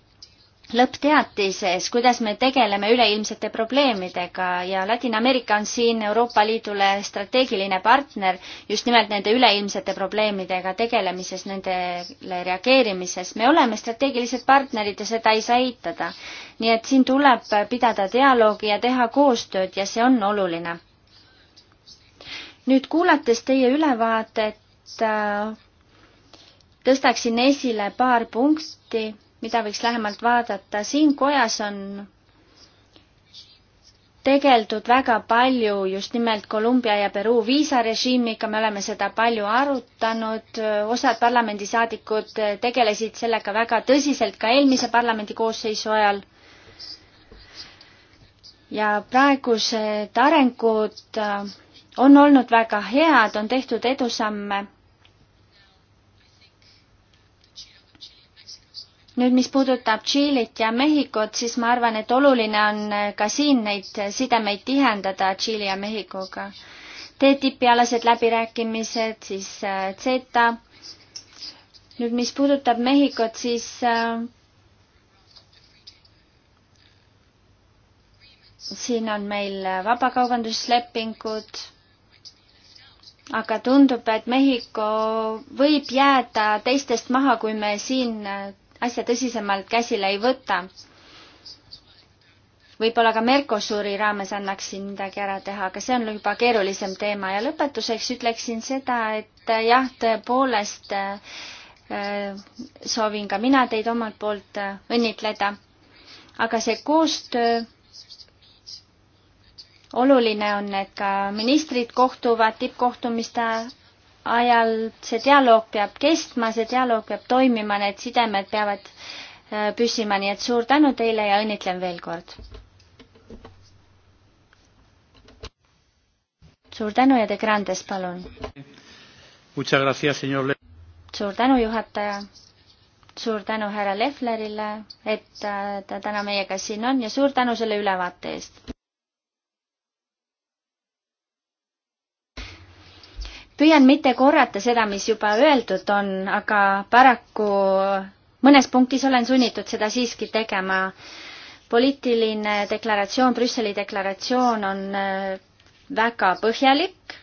lõppteatises, kuidas me tegeleme üleilmsete probleemidega ja Ladina-Ameerika on siin Euroopa Liidule strateegiline partner just nimelt nende üleilmsete probleemidega tegelemises, nendele reageerimises. me oleme strateegilised partnerid ja seda ei saa eitada. nii et siin tuleb pidada dialoogi ja teha koostööd ja see on oluline. nüüd kuulates teie ülevaadet, äh, tõstaksin esile paar punkti mida võiks lähemalt vaadata. siin kojas on tegeldud väga palju just nimelt Kolumbia ja Peruu viisarežiimiga, me oleme seda palju arutanud, osad parlamendisaadikud tegelesid sellega väga tõsiselt ka eelmise parlamendi koosseisu ajal. ja praegused arengud on olnud väga head, on tehtud edusamme nüüd, mis puudutab Tšiilit ja Mehhikut, siis ma arvan, et oluline on äh, ka siin neid sidemeid tihendada Tšiili ja Mehhikuga. TTIP-i alased läbirääkimised, siis CETA. Äh, nüüd, mis puudutab Mehhikut, siis äh, siin on meil vabakaubanduslepingud aga tundub, et Mehhiko võib jääda teistest maha, kui me siin asja tõsisemalt käsile ei võta. võib-olla ka Mercosuri raames annaks siin midagi ära teha, aga see on juba keerulisem teema ja lõpetuseks ütleksin seda, et jah, tõepoolest äh, soovin ka mina teid omalt poolt äh, õnnitleda. aga see koostöö oluline on, et ka ministrid kohtuvad tippkohtumiste ajal see dialoog peab kestma, see dialoog peab toimima, need sidemed peavad äh, püsima, nii et suur tänu teile ja õnnitlen veel kord. suur tänu ja De Grandes, palun. suur tänu, juhataja. suur tänu härra Lehtlerile, et äh, ta täna meiega siin on ja suur tänu selle ülevaate eest. püüan mitte korrata seda, mis juba öeldud on, aga paraku mõnes punktis olen sunnitud seda siiski tegema. poliitiline deklaratsioon, Brüsseli deklaratsioon on äh, väga põhjalik.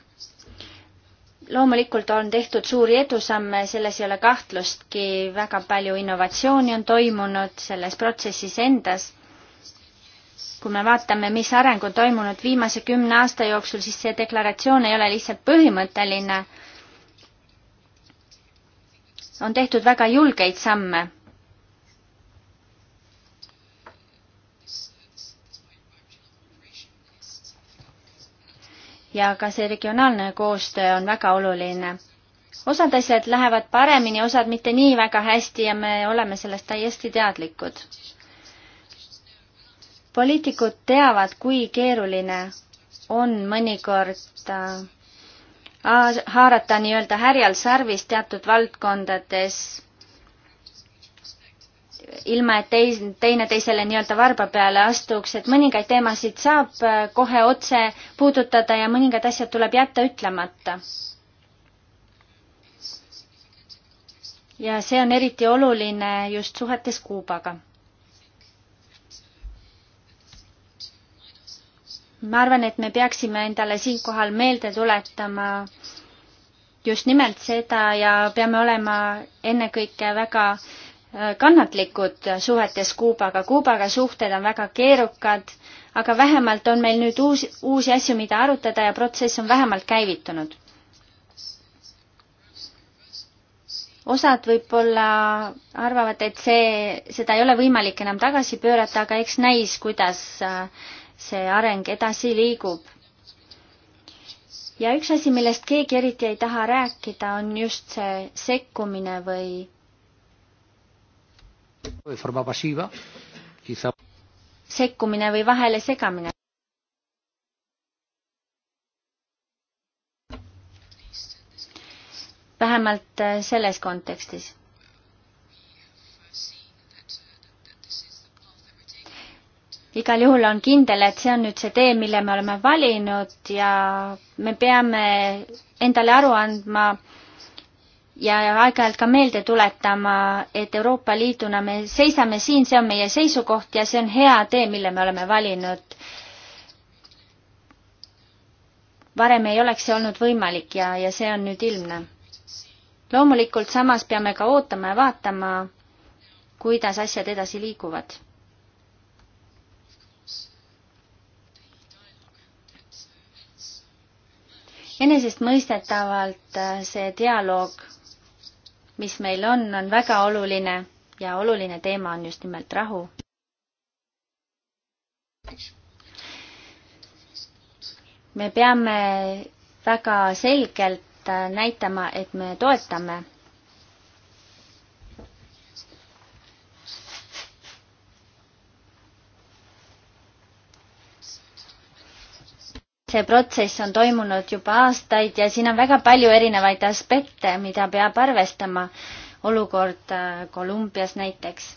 loomulikult on tehtud suuri edusamme, selles ei ole kahtlustki, väga palju innovatsiooni on toimunud selles protsessis endas kui me vaatame, mis areng on toimunud viimase kümne aasta jooksul, siis see deklaratsioon ei ole lihtsalt põhimõtteline. on tehtud väga julgeid samme. ja ka see regionaalne koostöö on väga oluline. osad asjad lähevad paremini, osad mitte nii väga hästi ja me oleme sellest täiesti teadlikud poliitikud teavad, kui keeruline on mõnikord äh, haarata nii-öelda härjal sarvist teatud valdkondades, ilma et teis-, teineteisele nii-öelda varba peale astuks, et mõningaid teemasid saab äh, kohe otse puudutada ja mõningad asjad tuleb jätta ütlemata. ja see on eriti oluline just suhetes Kuubaga ma arvan, et me peaksime endale siinkohal meelde tuletama just nimelt seda ja peame olema ennekõike väga äh, kannatlikud suhetes Kuubaga. Kuubaga suhted on väga keerukad, aga vähemalt on meil nüüd uus, uusi asju, mida arutada ja protsess on vähemalt käivitunud. osad võib-olla arvavad, et see, seda ei ole võimalik enam tagasi pöörata, aga eks näis, kuidas äh, see areng edasi liigub. ja üks asi, millest keegi eriti ei taha rääkida, on just see sekkumine või sekkumine või vahelesegamine. vähemalt äh, selles kontekstis igal juhul on kindel, et see on nüüd see tee, mille me oleme valinud ja me peame endale aru andma ja aeg-ajalt ka meelde tuletama, et Euroopa Liiduna me seisame siin, see on meie seisukoht ja see on hea tee, mille me oleme valinud. varem ei oleks see olnud võimalik ja, ja see on nüüd ilmne. loomulikult samas peame ka ootama ja vaatama, kuidas asjad edasi liiguvad enesestmõistetavalt äh, see dialoog, mis meil on, on väga oluline ja oluline teema on just nimelt rahu. me peame väga selgelt äh, näitama, et me toetame see protsess on toimunud juba aastaid ja siin on väga palju erinevaid aspekte, mida peab arvestama. olukord äh, Kolumbias näiteks.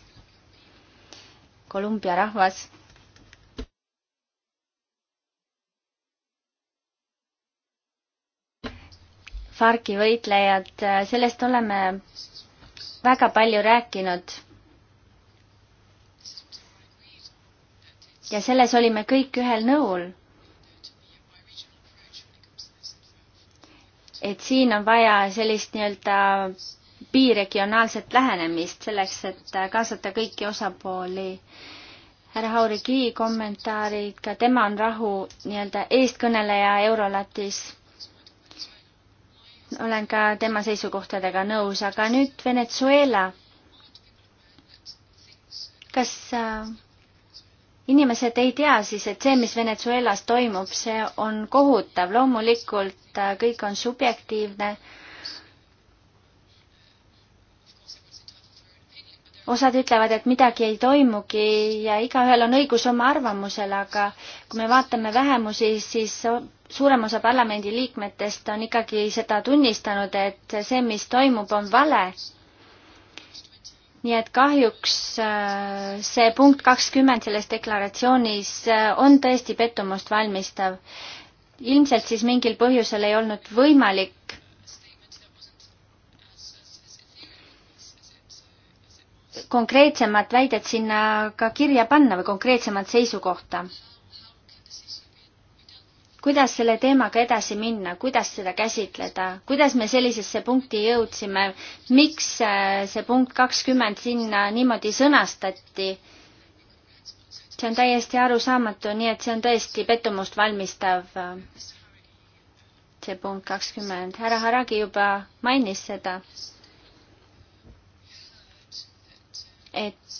Kolumbia rahvas. Farki võitlejad, äh, sellest oleme väga palju rääkinud ja selles olime kõik ühel nõul et siin on vaja sellist nii-öelda biregionaalset lähenemist selleks, et kaasata kõiki osapooli. härra Haurigi kommentaarid, ka tema on rahu nii-öelda eestkõneleja Eurolatis. olen ka tema seisukohtadega nõus, aga nüüd Venezuela. kas äh, inimesed ei tea siis, et see, mis Venezuelas toimub, see on kohutav, loomulikult äh, kõik on subjektiivne. osad ütlevad, et midagi ei toimugi ja igaühel on õigus oma arvamusele, aga kui me vaatame vähemusi, siis suurem osa parlamendiliikmetest on ikkagi seda tunnistanud, et see, mis toimub, on vale nii et kahjuks äh, see punkt kakskümmend selles deklaratsioonis äh, on tõesti pettumust valmistav. ilmselt siis mingil põhjusel ei olnud võimalik konkreetsemat väidet sinna ka kirja panna või konkreetsemat seisukohta kuidas selle teemaga edasi minna, kuidas seda käsitleda, kuidas me sellisesse punkti jõudsime, miks äh, see punkt kakskümmend sinna niimoodi sõnastati? see on täiesti arusaamatu, nii et see on tõesti pettumust valmistav, äh, see punkt kakskümmend. härra Haragi juba mainis seda, et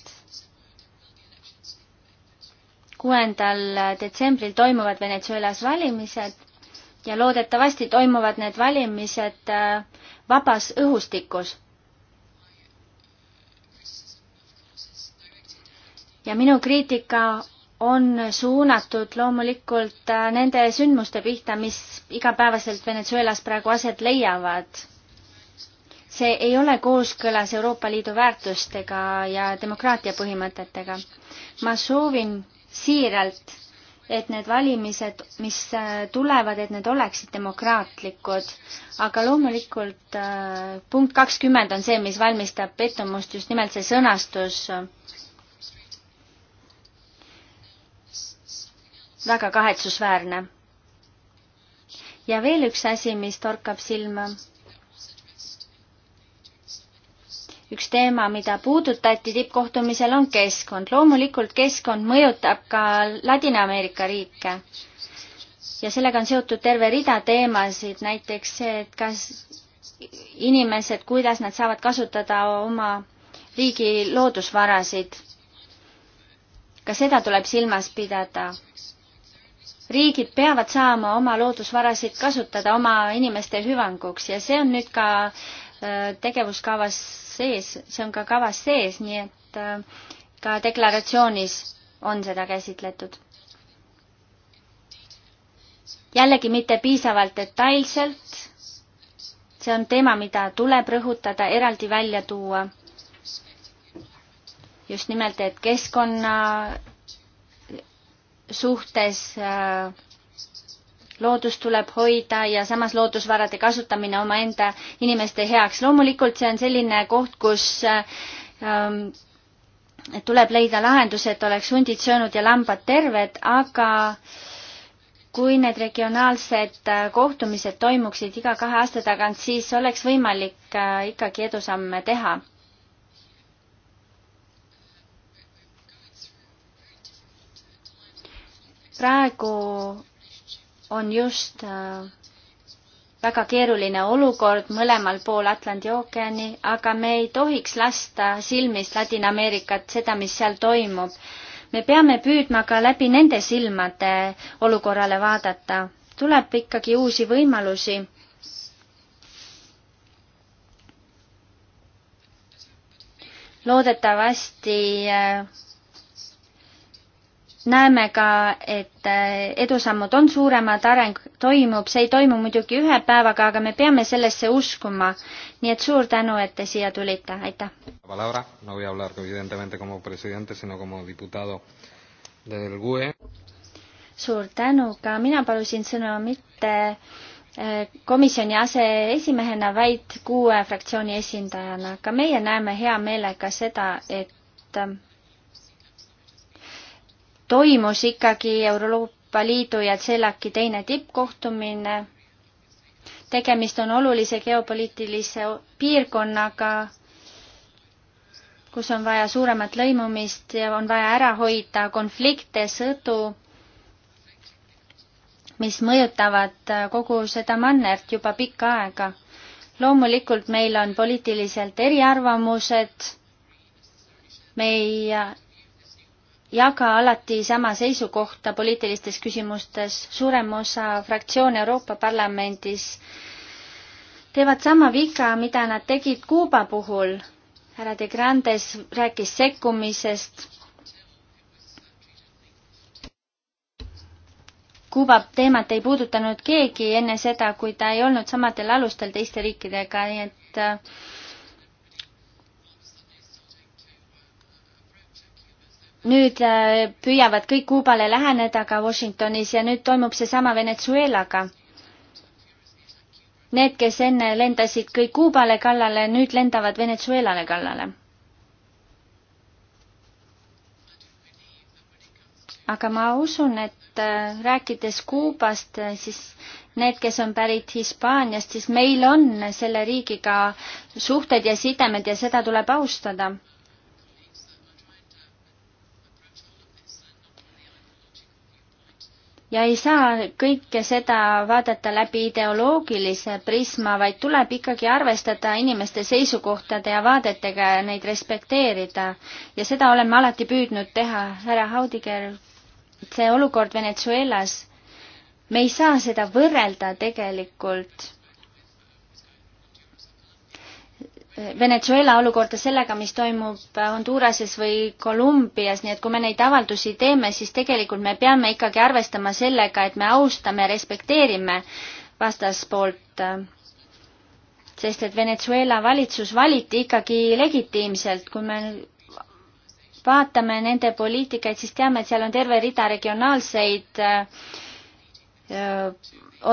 kuuendal detsembril toimuvad Venezuelas valimised ja loodetavasti toimuvad need valimised äh, vabas õhustikus. ja minu kriitika on suunatud loomulikult äh, nende sündmuste pihta, mis igapäevaselt Venezuelas praegu aset leiavad. see ei ole kooskõlas Euroopa Liidu väärtustega ja demokraatia põhimõtetega. ma soovin siiralt, et need valimised, mis äh, tulevad, et need oleksid demokraatlikud. aga loomulikult äh, punkt kakskümmend on see, mis valmistab pettumust, just nimelt see sõnastus. väga kahetsusväärne. ja veel üks asi, mis torkab silma üks teema, mida puudutati tippkohtumisel, on keskkond. loomulikult keskkond mõjutab ka Ladina-Ameerika riike. ja sellega on seotud terve rida teemasid, näiteks see, et kas inimesed, kuidas nad saavad kasutada oma riigi loodusvarasid. ka seda tuleb silmas pidada. riigid peavad saama oma loodusvarasid kasutada oma inimeste hüvanguks ja see on nüüd ka äh, tegevuskavas sees, see on ka kavas sees, nii et äh, ka deklaratsioonis on seda käsitletud. jällegi mitte piisavalt detailselt, see on teema, mida tuleb rõhutada, eraldi välja tuua. just nimelt, et keskkonna suhtes äh, loodust tuleb hoida ja samas loodusvarade kasutamine omaenda inimeste heaks. loomulikult see on selline koht, kus ähm, tuleb leida lahendus, et oleks hundid söönud ja lambad terved, aga kui need regionaalsed äh, kohtumised toimuksid iga kahe aasta tagant, siis oleks võimalik äh, ikkagi edusamme teha. praegu on just äh, väga keeruline olukord mõlemal pool Atlandi ookeani, aga me ei tohiks lasta silmist Ladina-Ameerikat, seda, mis seal toimub. me peame püüdma ka läbi nende silmade olukorrale vaadata. tuleb ikkagi uusi võimalusi. loodetavasti äh, näeme ka, et äh, edusammud on suuremad, areng toimub, see ei toimu muidugi ühe päevaga, aga me peame sellesse uskuma. nii et suur tänu, et te siia tulite, aitäh! E. suur tänu ka, mina palusin sõna mitte äh, komisjoni aseesimehena, vaid kuue fraktsiooni esindajana. ka meie näeme hea meelega seda, et äh, toimus ikkagi Euroopa Liidu ja CELAC-i teine tippkohtumine. tegemist on olulise geopoliitilise piirkonnaga, kus on vaja suuremat lõimumist ja on vaja ära hoida konflikte, sõdu, mis mõjutavad kogu seda mannert juba pikka aega. loomulikult meil on poliitiliselt eriarvamused, me ei jaga alati sama seisukohta poliitilistes küsimustes. suurem osa fraktsioone Euroopa Parlamendis teevad sama viga, mida nad tegid Kuuba puhul. härra De Grandes rääkis sekkumisest. Kuuba teemat ei puudutanud keegi enne seda, kui ta ei olnud samadel alustel teiste riikidega, nii et äh, nüüd äh, püüavad kõik Kuubale läheneda ka Washingtonis ja nüüd toimub seesama Venezuelaga. Need, kes enne lendasid kõik Kuubale kallale, nüüd lendavad Venezuelale kallale. aga ma usun, et äh, rääkides Kuubast, äh, siis need, kes on pärit Hispaaniast, siis meil on selle riigiga suhted ja sidemed ja seda tuleb austada ja ei saa kõike seda vaadata läbi ideoloogilise prisma, vaid tuleb ikkagi arvestada inimeste seisukohtade ja vaadetega ja neid respekteerida. ja seda oleme alati püüdnud teha, härra Haudiger, see olukord Venezuelas, me ei saa seda võrrelda tegelikult Venezuela olukorda sellega, mis toimub Hondurasias või Kolumbias, nii et kui me neid avaldusi teeme, siis tegelikult me peame ikkagi arvestama sellega, et me austame, respekteerime vastaspoolt. sest et Venezuela valitsus valiti ikkagi legitiimselt, kui me vaatame nende poliitikaid, siis teame, et seal on terve rida regionaalseid äh, äh,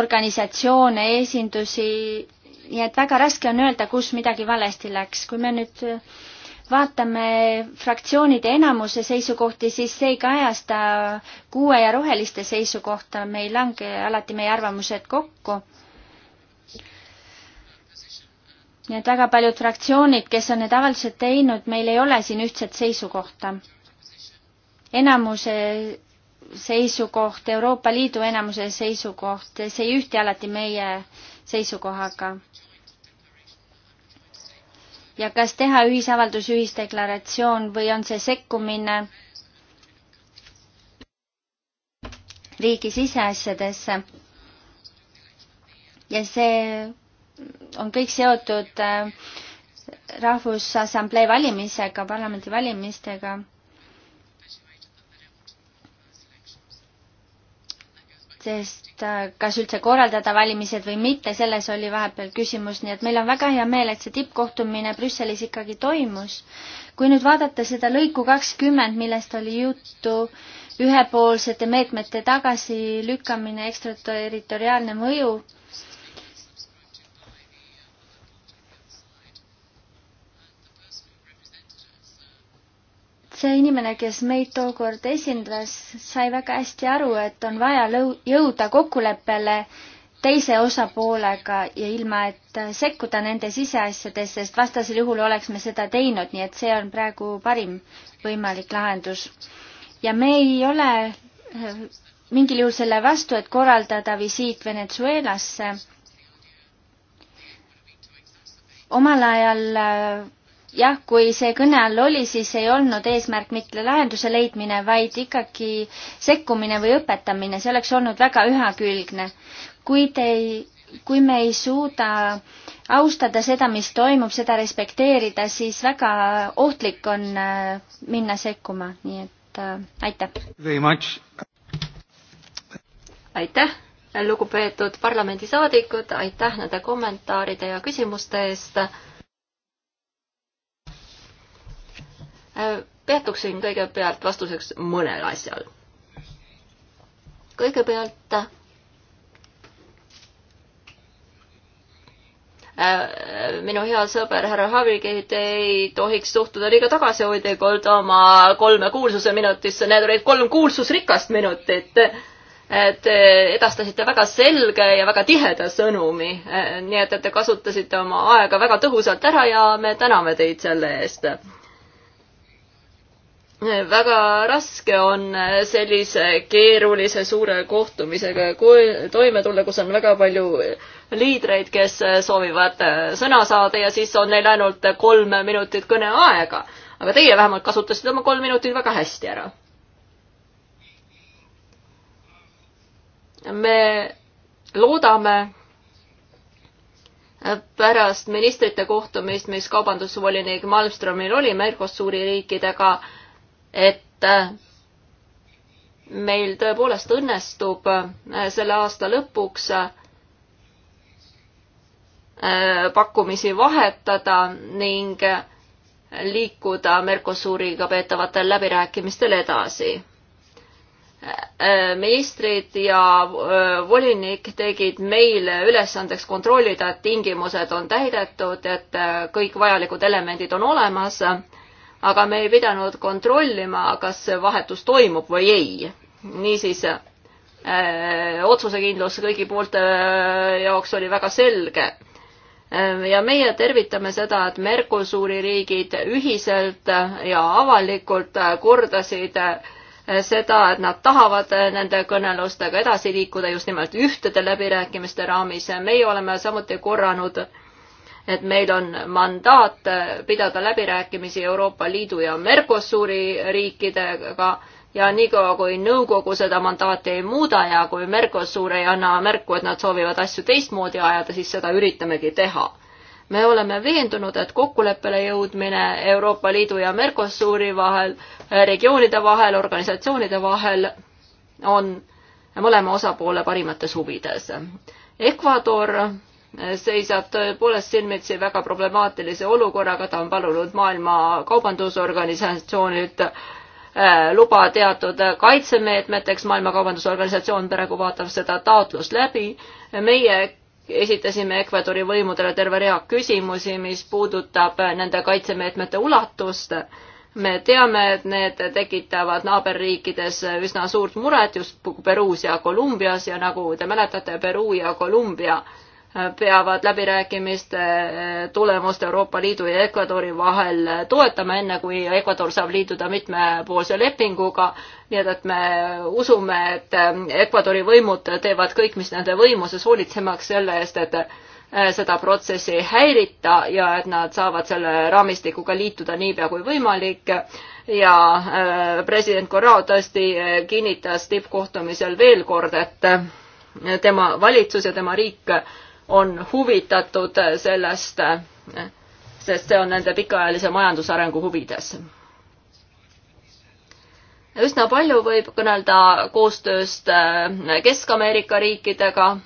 organisatsioone, esindusi nii et väga raske on öelda, kus midagi valesti läks, kui me nüüd vaatame fraktsioonide enamuse seisukohti, siis see ei kajasta kuue ja roheliste seisukohta, me ei lange alati meie arvamused kokku. nii et väga paljud fraktsioonid, kes on need avaldused teinud, meil ei ole siin ühtset seisukohta. enamuse seisukoht, Euroopa Liidu enamuse seisukoht, see ei ühti alati meie äh, seisukohaga. ja kas teha ühisavaldus, ühisdeklaratsioon või on see sekkumine riigi siseasjadesse? ja see on kõik seotud äh, Rahvusassamblee valimisega, parlamendi valimistega sest äh, kas üldse korraldada valimised või mitte, selles oli vahepeal küsimus, nii et meil on väga hea meel, et see tippkohtumine Brüsselis ikkagi toimus. kui nüüd vaadata seda lõiku kakskümmend, millest oli juttu, ühepoolsete meetmete tagasilükkamine, ekstraterritoriaalne mõju, see inimene, kes meid tookord esindas, sai väga hästi aru, et on vaja lõu-, jõuda kokkuleppele teise osapoolega ja ilma, et sekkuda nende siseasjadesse, sest vastasel juhul oleks me seda teinud, nii et see on praegu parim võimalik lahendus. ja me ei ole äh, mingil juhul selle vastu, et korraldada visiit Venezuelasse. omal ajal äh, jah, kui see kõne all oli, siis ei olnud eesmärk mitte lahenduse leidmine, vaid ikkagi sekkumine või õpetamine, see oleks olnud väga ühekülgne. kuid ei, kui me ei suuda austada seda, mis toimub, seda respekteerida, siis väga ohtlik on äh, minna sekkuma, nii et äh, aitäh. aitäh, lugupeetud parlamendisaadikud, aitäh nende kommentaaride ja küsimuste eest peatuksin äh, kõigepealt vastuseks mõnel asjal. kõigepealt äh, minu hea sõber härra Havigid ei tohiks suhtuda liiga tagasihoidlikult oma kolme kuulsuse minutisse, need olid kolm kuulsusrikast minutit. et äh, edastasite väga selge ja väga tiheda sõnumi, nii et, et te kasutasite oma aega väga tõhusalt ära ja me täname teid selle eest väga raske on sellise keerulise suure kohtumisega toime tulla, kus on väga palju liidreid, kes soovivad sõna saada ja siis on neil ainult kolm minutit kõneaega. aga teie vähemalt kasutasite oma kolm minutit väga hästi ära. me loodame pärast ministrite kohtumist, mis kaubandusvolinik Malmströmil oli Mercosuri riikidega, et äh, meil tõepoolest õnnestub äh, selle aasta lõpuks äh, pakkumisi vahetada ning liikuda Mercosuriga peetavatel läbirääkimistel edasi. ministrid ja volinik tegid meile ülesandeks kontrollida, et tingimused on täidetud, et kõik vajalikud elemendid on olemas aga me ei pidanud kontrollima, kas vahetus toimub või ei. niisiis öö, äh, otsusekindlus kõigi poolte äh, jaoks oli väga selge. Äh, ja meie tervitame seda, et Mercosuri riigid ühiselt ja avalikult kordasid seda, et nad tahavad nende kõnelustega edasi liikuda just nimelt ühtede läbirääkimiste raamis. meie oleme samuti korranud äh, et meil on mandaat pidada läbirääkimisi Euroopa Liidu ja Mercosuri riikidega ja niikaua, kui nõukogu seda mandaati ei muuda ja kui Mercosur ei anna märku, et nad soovivad asju teistmoodi ajada, siis seda üritamegi teha. me oleme veendunud, et kokkuleppele jõudmine Euroopa Liidu ja Mercosuri vahel, regioonide vahel, organisatsioonide vahel on mõlema osapoole parimates huvides. Ecuador seisab tõepoolest silmitsi väga problemaatilise olukorraga, ta on palunud Maailma Kaubandusorganisatsioonilt äh, luba teatud kaitsemeetmeteks, Maailma Kaubandusorganisatsioon praegu vaatab seda taotlust läbi. meie esitasime Ecuadori võimudele terve rea küsimusi, mis puudutab nende kaitsemeetmete ulatust. me teame, et need tekitavad naaberriikides üsna suurt muret just Peruus ja Kolumbias ja nagu te mäletate, Peruu ja Kolumbia peavad läbirääkimiste tulemust Euroopa Liidu ja Ecuadori vahel toetama, enne kui Ecuador saab liituda mitmepoolse lepinguga. nii et, et me usume, et Ecuadori võimud teevad kõik, mis nende võimuses, hoolitsemaks selle eest, et seda protsessi ei häirita ja et nad saavad selle raamistikuga liituda niipea kui võimalik. ja äh, president Corral tõesti äh, kinnitas tippkohtumisel veel kord, et äh, tema valitsus ja tema riik on huvitatud sellest, sest see on nende pikaajalise majandusarengu huvides. üsna palju võib kõnelda koostööst äh, Kesk-Ameerika riikidega.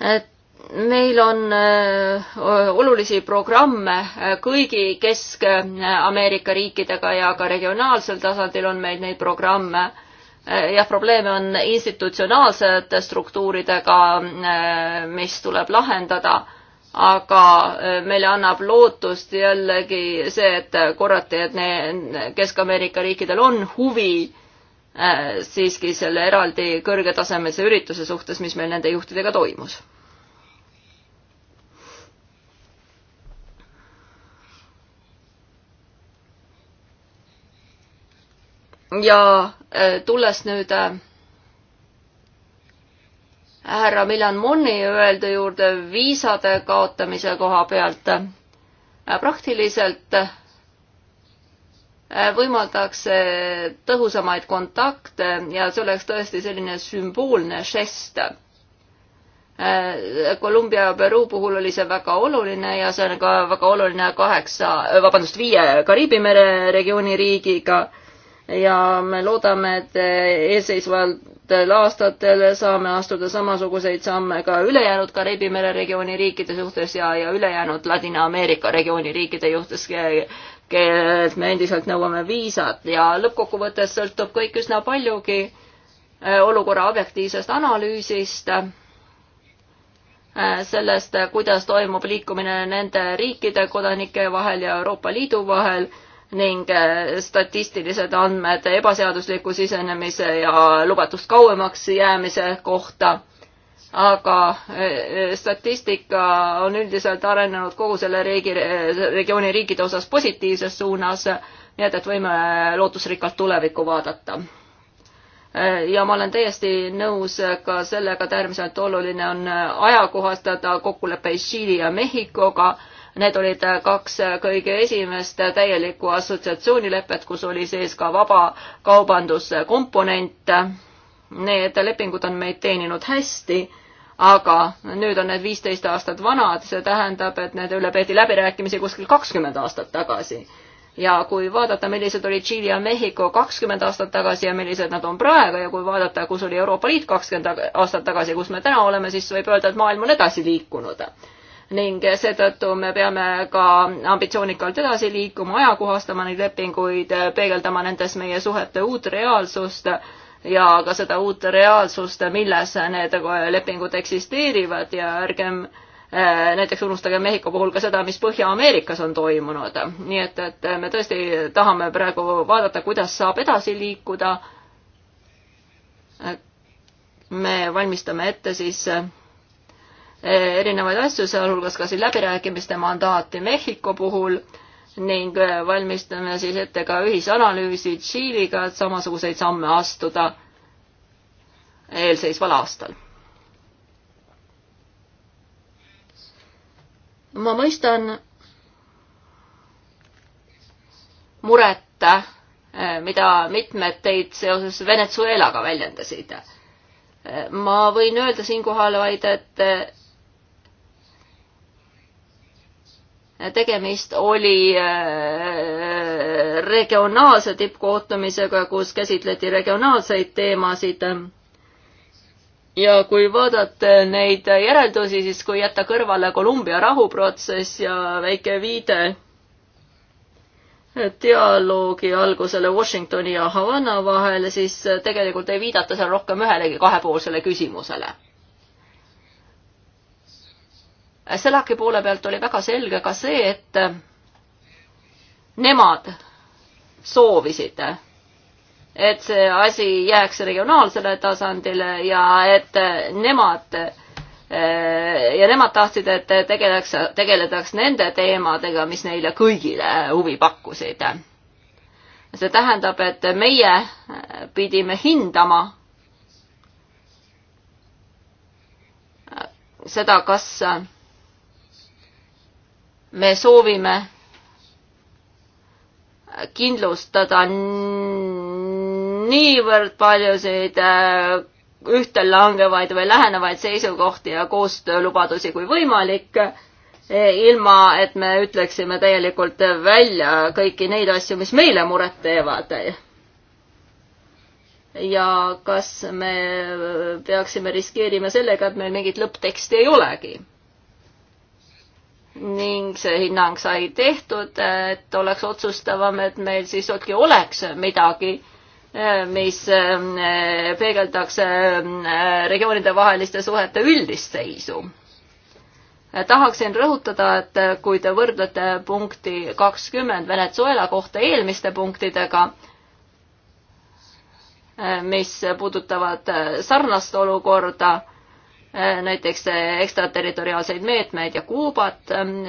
et meil on äh, olulisi programme äh, kõigi Kesk-Ameerika riikidega ja ka regionaalsel tasandil on meil neid programme Äh, jah, probleeme on institutsionaalsete struktuuridega, äh, mis tuleb lahendada, aga äh, meile annab lootust jällegi see, et korrati, et Kesk-Ameerika riikidel on huvi siiski selle eraldi kõrgetasemelise ürituse suhtes, mis meil nende juhtidega toimus ja äh, tulles nüüd äh, härra Miljan Monni öeldu juurde viisade kaotamise koha pealt, äh, praktiliselt võimaldaks tõhusamaid kontakte ja see oleks tõesti selline sümboolne žest. Kolumbia ja Peruu puhul oli see väga oluline ja see on ka väga oluline kaheksa, vabandust, viie Kariibi mere regiooni riigiga ja me loodame, et eelseisvatel aastatel saame astuda samasuguseid samme ka ülejäänud Kariibi mere regiooni riikide suhtes ja, ja ülejäänud Ladina-Ameerika regiooni riikide juhtes, kellelt me endiselt nõuame viisat ja lõppkokkuvõttes sõltub kõik üsna paljugi äh, olukorra objektiivsest analüüsist äh, sellest, kuidas toimub liikumine nende riikide kodanike vahel ja Euroopa Liidu vahel ning äh, statistilised andmed ebaseadusliku sisenemise ja lubatust kauemaks jäämise kohta. aga äh, äh, statistika on üldiselt arenenud kogu selle riigi, regiooni riikide osas positiivses suunas, nii et, et võime lootusrikkalt tulevikku vaadata ja ma olen täiesti nõus ka sellega, et äärmiselt oluline on ajakohastada kokkuleppeid Tšiili ja Mehhikoga Need olid äh, kaks äh, kõige esimest äh, täielikku assotsiatsioonilepet, kus oli sees ka vabakaubanduskomponent. Need lepingud on meid teeninud hästi, aga nüüd on need viisteist aastat vanad, see tähendab, et nende üle peeti läbirääkimisi kuskil kakskümmend aastat tagasi ja kui vaadata, millised olid Tšiili ja Mehhiko kakskümmend aastat tagasi ja millised nad on praegu ja kui vaadata, kus oli Euroopa Liit kakskümmend aastat tagasi, kus me täna oleme, siis võib öelda, et maailm on edasi liikunud ning seetõttu me peame ka ambitsioonikalt edasi liikuma, ajakohastama neid lepinguid, peegeldama nendes meie suhete uut reaalsust ja ka seda uut reaalsust, milles need lepingud eksisteerivad ja ärgem eh, näiteks unustage Mehhiko puhul ka seda, mis Põhja-Ameerikas on toimunud. nii et, et me tõesti tahame praegu vaadata, kuidas saab edasi liikuda. me valmistame ette siis erinevaid asju, sealhulgas ka siin läbirääkimiste mandaati Mehhiko puhul ning äh, valmistame siis ette ka ühisanalüüsi Tšiiliga, et samasuguseid samme astuda eelseisval aastal. ma mõistan muret, äh, mida mitmed teid seoses Venezuelaga väljendasid. Äh, ma võin öelda siinkohal vaid, et tegemist oli äh, regionaalse tippkohtumisega, kus käsitleti regionaalseid teemasid. ja kui vaadata neid järeldusi, siis kui jätta kõrvale Kolumbia rahuprotsess ja väike viide dialoogi algusele Washingtoni ja Havana vahel, siis tegelikult ei viidata seal rohkem ühelegi kahepoolsele küsimusele Selaki poole pealt oli väga selge ka see, et nemad soovisid, et see asi jääks regionaalsele tasandile ja et nemad ja nemad tahtsid, et tegeleks, tegeledaks nende teemadega, mis neile kõigile huvi pakkusid. see tähendab, et meie pidime hindama seda, kas me soovime kindlustada niivõrd paljusid äh, ühte langevaid või lähenevaid seisukohti ja koostöölubadusi kui võimalik, e, ilma et me ütleksime täielikult välja kõiki neid asju, mis meile muret teevad. ja kas me peaksime riskeerima sellega, et meil mingit lõppteksti ei olegi ning see hinnang sai tehtud, et oleks otsustavam, et meil siis ikkagi oleks midagi, eh, mis eh, peegeldaks eh, regioonide vaheliste suhete üldist seisu. tahaksin rõhutada, et kui te võrdlete punkti kakskümmend Venezuela kohta eelmiste punktidega, mis puudutavad sarnast olukorda näiteks ekstraterritoriaalseid meetmeid ja Kuubat,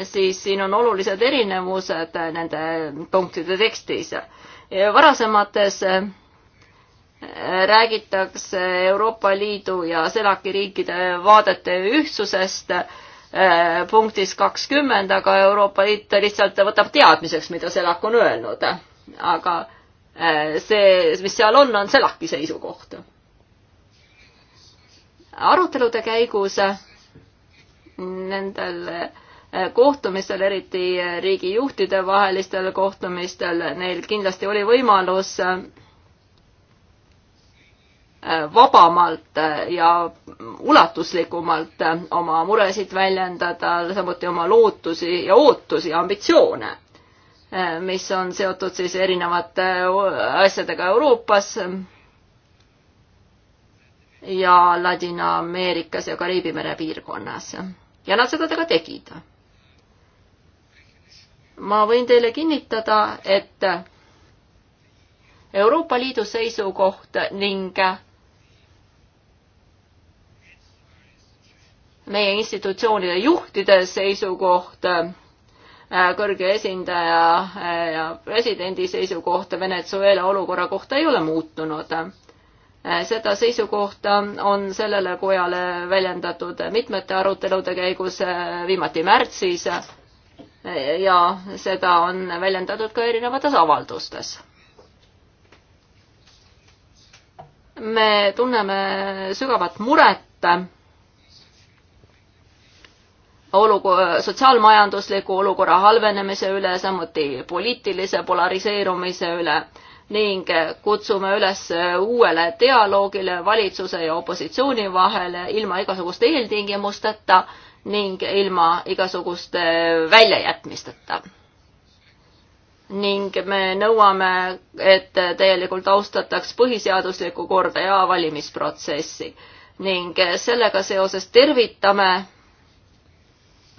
siis siin on olulised erinevused nende punktide tekstis. varasemates eh, räägitakse Euroopa Liidu ja CELAC-i riikide vaadete ühtsusest eh, punktis kakskümmend, aga Euroopa Liit lihtsalt võtab teadmiseks, mida CELAC on öelnud. aga eh, see, mis seal on, on CELAC-i seisukoht arutelude käigus nendel eh, kohtumistel, eriti riigijuhtide vahelistel kohtumistel, neil kindlasti oli võimalus eh, vabamalt ja ulatuslikumalt oma muresid väljendada, samuti oma lootusi ja ootusi ja ambitsioone, eh, mis on seotud siis erinevate asjadega Euroopas ja Ladina-Ameerikas ja Kariibi mere piirkonnas. ja nad seda ka tegid. ma võin teile kinnitada, et Euroopa Liidu seisukoht ning meie institutsioonide juhtide seisukoht, kõrge esindaja ja presidendi seisukoht Venezuela olukorra kohta ei ole muutunud Äh, seda seisukohta on sellele kojale väljendatud mitmete arutelude käigus, äh, viimati märtsis, äh, ja seda on väljendatud ka erinevates avaldustes. me tunneme sügavat muret olukorra, sotsiaalmajandusliku olukorra halvenemise üle, samuti poliitilise polariseerumise üle ning kutsume üles uuele dialoogile valitsuse ja opositsiooni vahel ilma igasuguste eeltingimusteta ning ilma igasuguste väljajätmisteta. ning me nõuame, et täielikult austataks põhiseaduslikku korda ja valimisprotsessi ning sellega seoses tervitame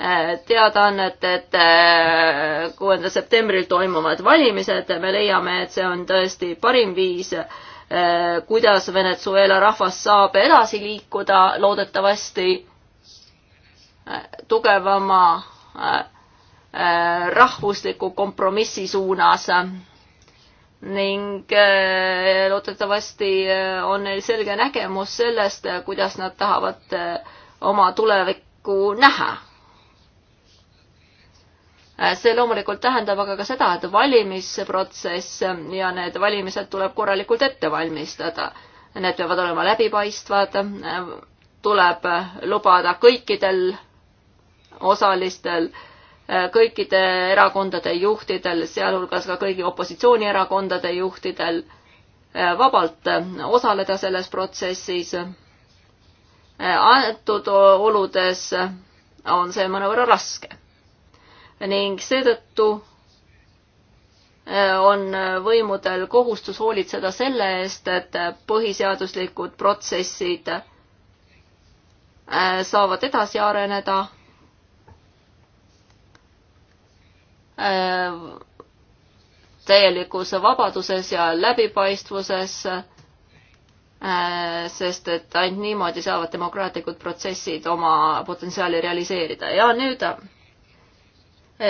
Äh, teadaannet, et äh, kuuendal septembril toimuvad valimised, me leiame, et see on tõesti parim viis, äh, kuidas Venezuela rahvas saab edasi liikuda, loodetavasti tugevama rahvusliku kompromissi suunas ning loodetavasti on neil selge nägemus sellest, kuidas nad tahavad oma tulevikku näha Äh, see loomulikult tähendab aga ka seda, et valimisprotsess ja need valimised tuleb korralikult ette valmistada. Need peavad olema läbipaistvad, äh, tuleb lubada kõikidel osalistel, äh, kõikide erakondade juhtidel, sealhulgas ka kõigi opositsioonierakondade juhtidel, vabalt osaleda selles protsessis. antud oludes on see mõnevõrra raske ning seetõttu äh, on võimudel kohustus hoolitseda selle eest, et põhiseaduslikud protsessid äh, saavad edasi areneda. Äh, täielikus vabaduses ja läbipaistvuses, sest et ainult niimoodi saavad demokraatlikud protsessid oma potentsiaali realiseerida ja nüüd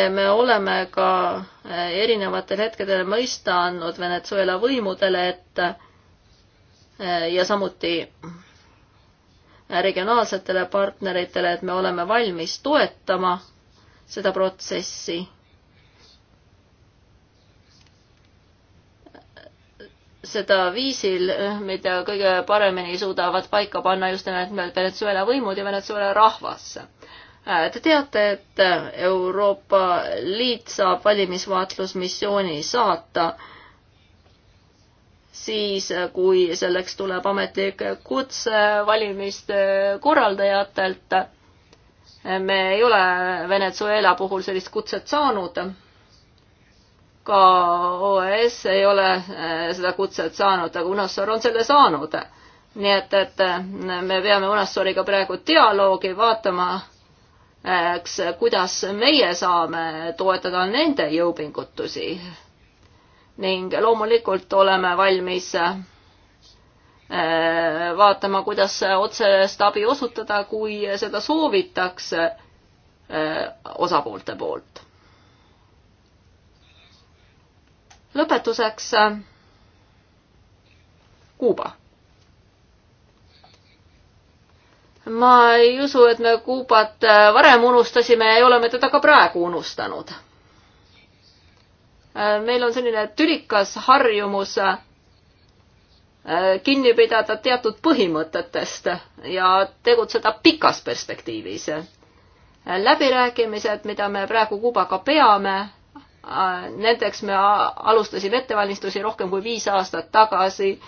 me oleme ka eh, erinevatel hetkedel mõista andnud Venezuela võimudele, et eh, ja samuti regionaalsetele partneritele, et me oleme valmis toetama seda protsessi. seda viisil, mida kõige paremini suudavad paika panna just nimelt Venezuela võimud ja Venezuela rahvas Äh, te teate, et äh, Euroopa Liit saab valimisvaatlusmissiooni saata siis, äh, kui selleks tuleb ametlik kutse valimiste korraldajatelt. me ei ole Venezuela puhul sellist kutset saanud. ka OAS e ei ole seda kutset saanud, aga UNASUR on selle saanud. nii et, et me peame UNASURiga praegu dialoogi vaatama kuidas meie saame toetada nende jõupingutusi. ning loomulikult oleme valmis äh, vaatama, kuidas otsest abi osutada, kui seda soovitakse äh, osapoolte poolt. lõpetuseks äh, Kuuba ma ei usu, et me Kuubat äh, varem unustasime ja oleme teda ka praegu unustanud. Äh, meil on selline tülikas harjumus äh, kinni pidada teatud põhimõtetest ja tegutseda pikas perspektiivis. läbirääkimised, mida me praegu Kuubaga peame, nendeks me alustasime ettevalmistusi rohkem kui viis aastat tagasi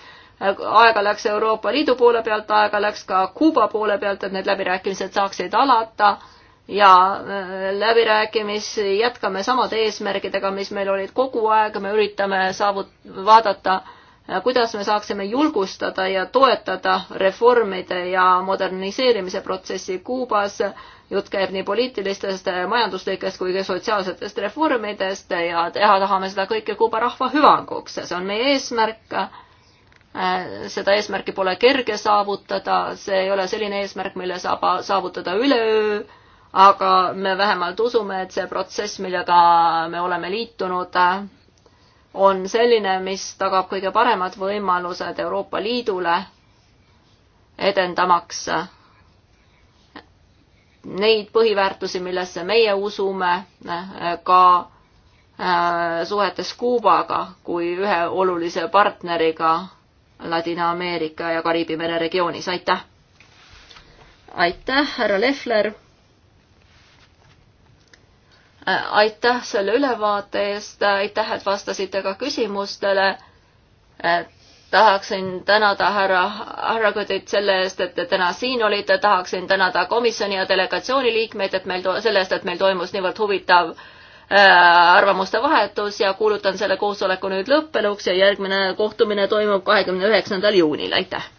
aega läks Euroopa Liidu poole pealt, aega läks ka Kuuba poole pealt, et need läbirääkimised saaksid alata ja äh, läbirääkimisi jätkame samade eesmärgidega, mis meil olid kogu aeg, me üritame saavut-, vaadata, äh, kuidas me saaksime julgustada ja toetada reformide ja moderniseerimise protsessi Kuubas. jutt käib nii poliitilistest, majanduslikest kui ka sotsiaalsetest reformidest ja teha tahame seda kõike Kuuba rahva hüvanguks, see on meie eesmärk Äh, seda eesmärki pole kerge saavutada, see ei ole selline eesmärk, mille saab saavutada üleöö, aga me vähemalt usume, et see protsess, millega me oleme liitunud, on selline, mis tagab kõige paremad võimalused Euroopa Liidule edendamaks neid põhiväärtusi, millesse meie usume, ka äh, suhetes Kuubaga kui ühe olulise partneriga Ladina-Ameerika ja Kariibi mere regioonis, aitäh! aitäh, härra Lehler! Äh, aitäh selle ülevaate eest, aitäh, et vastasite ka küsimustele. Äh, tahaksin tänada härra Harragutit selle eest, et te täna siin olite, tahaksin tänada komisjoni ja delegatsiooni liikmeid, et meil, selle eest, et meil toimus niivõrd huvitav äh, Äh, arvamuste vahetus ja kuulutan selle koosoleku nüüd lõppenuks ja järgmine kohtumine toimub kahekümne üheksandal juunil, aitäh!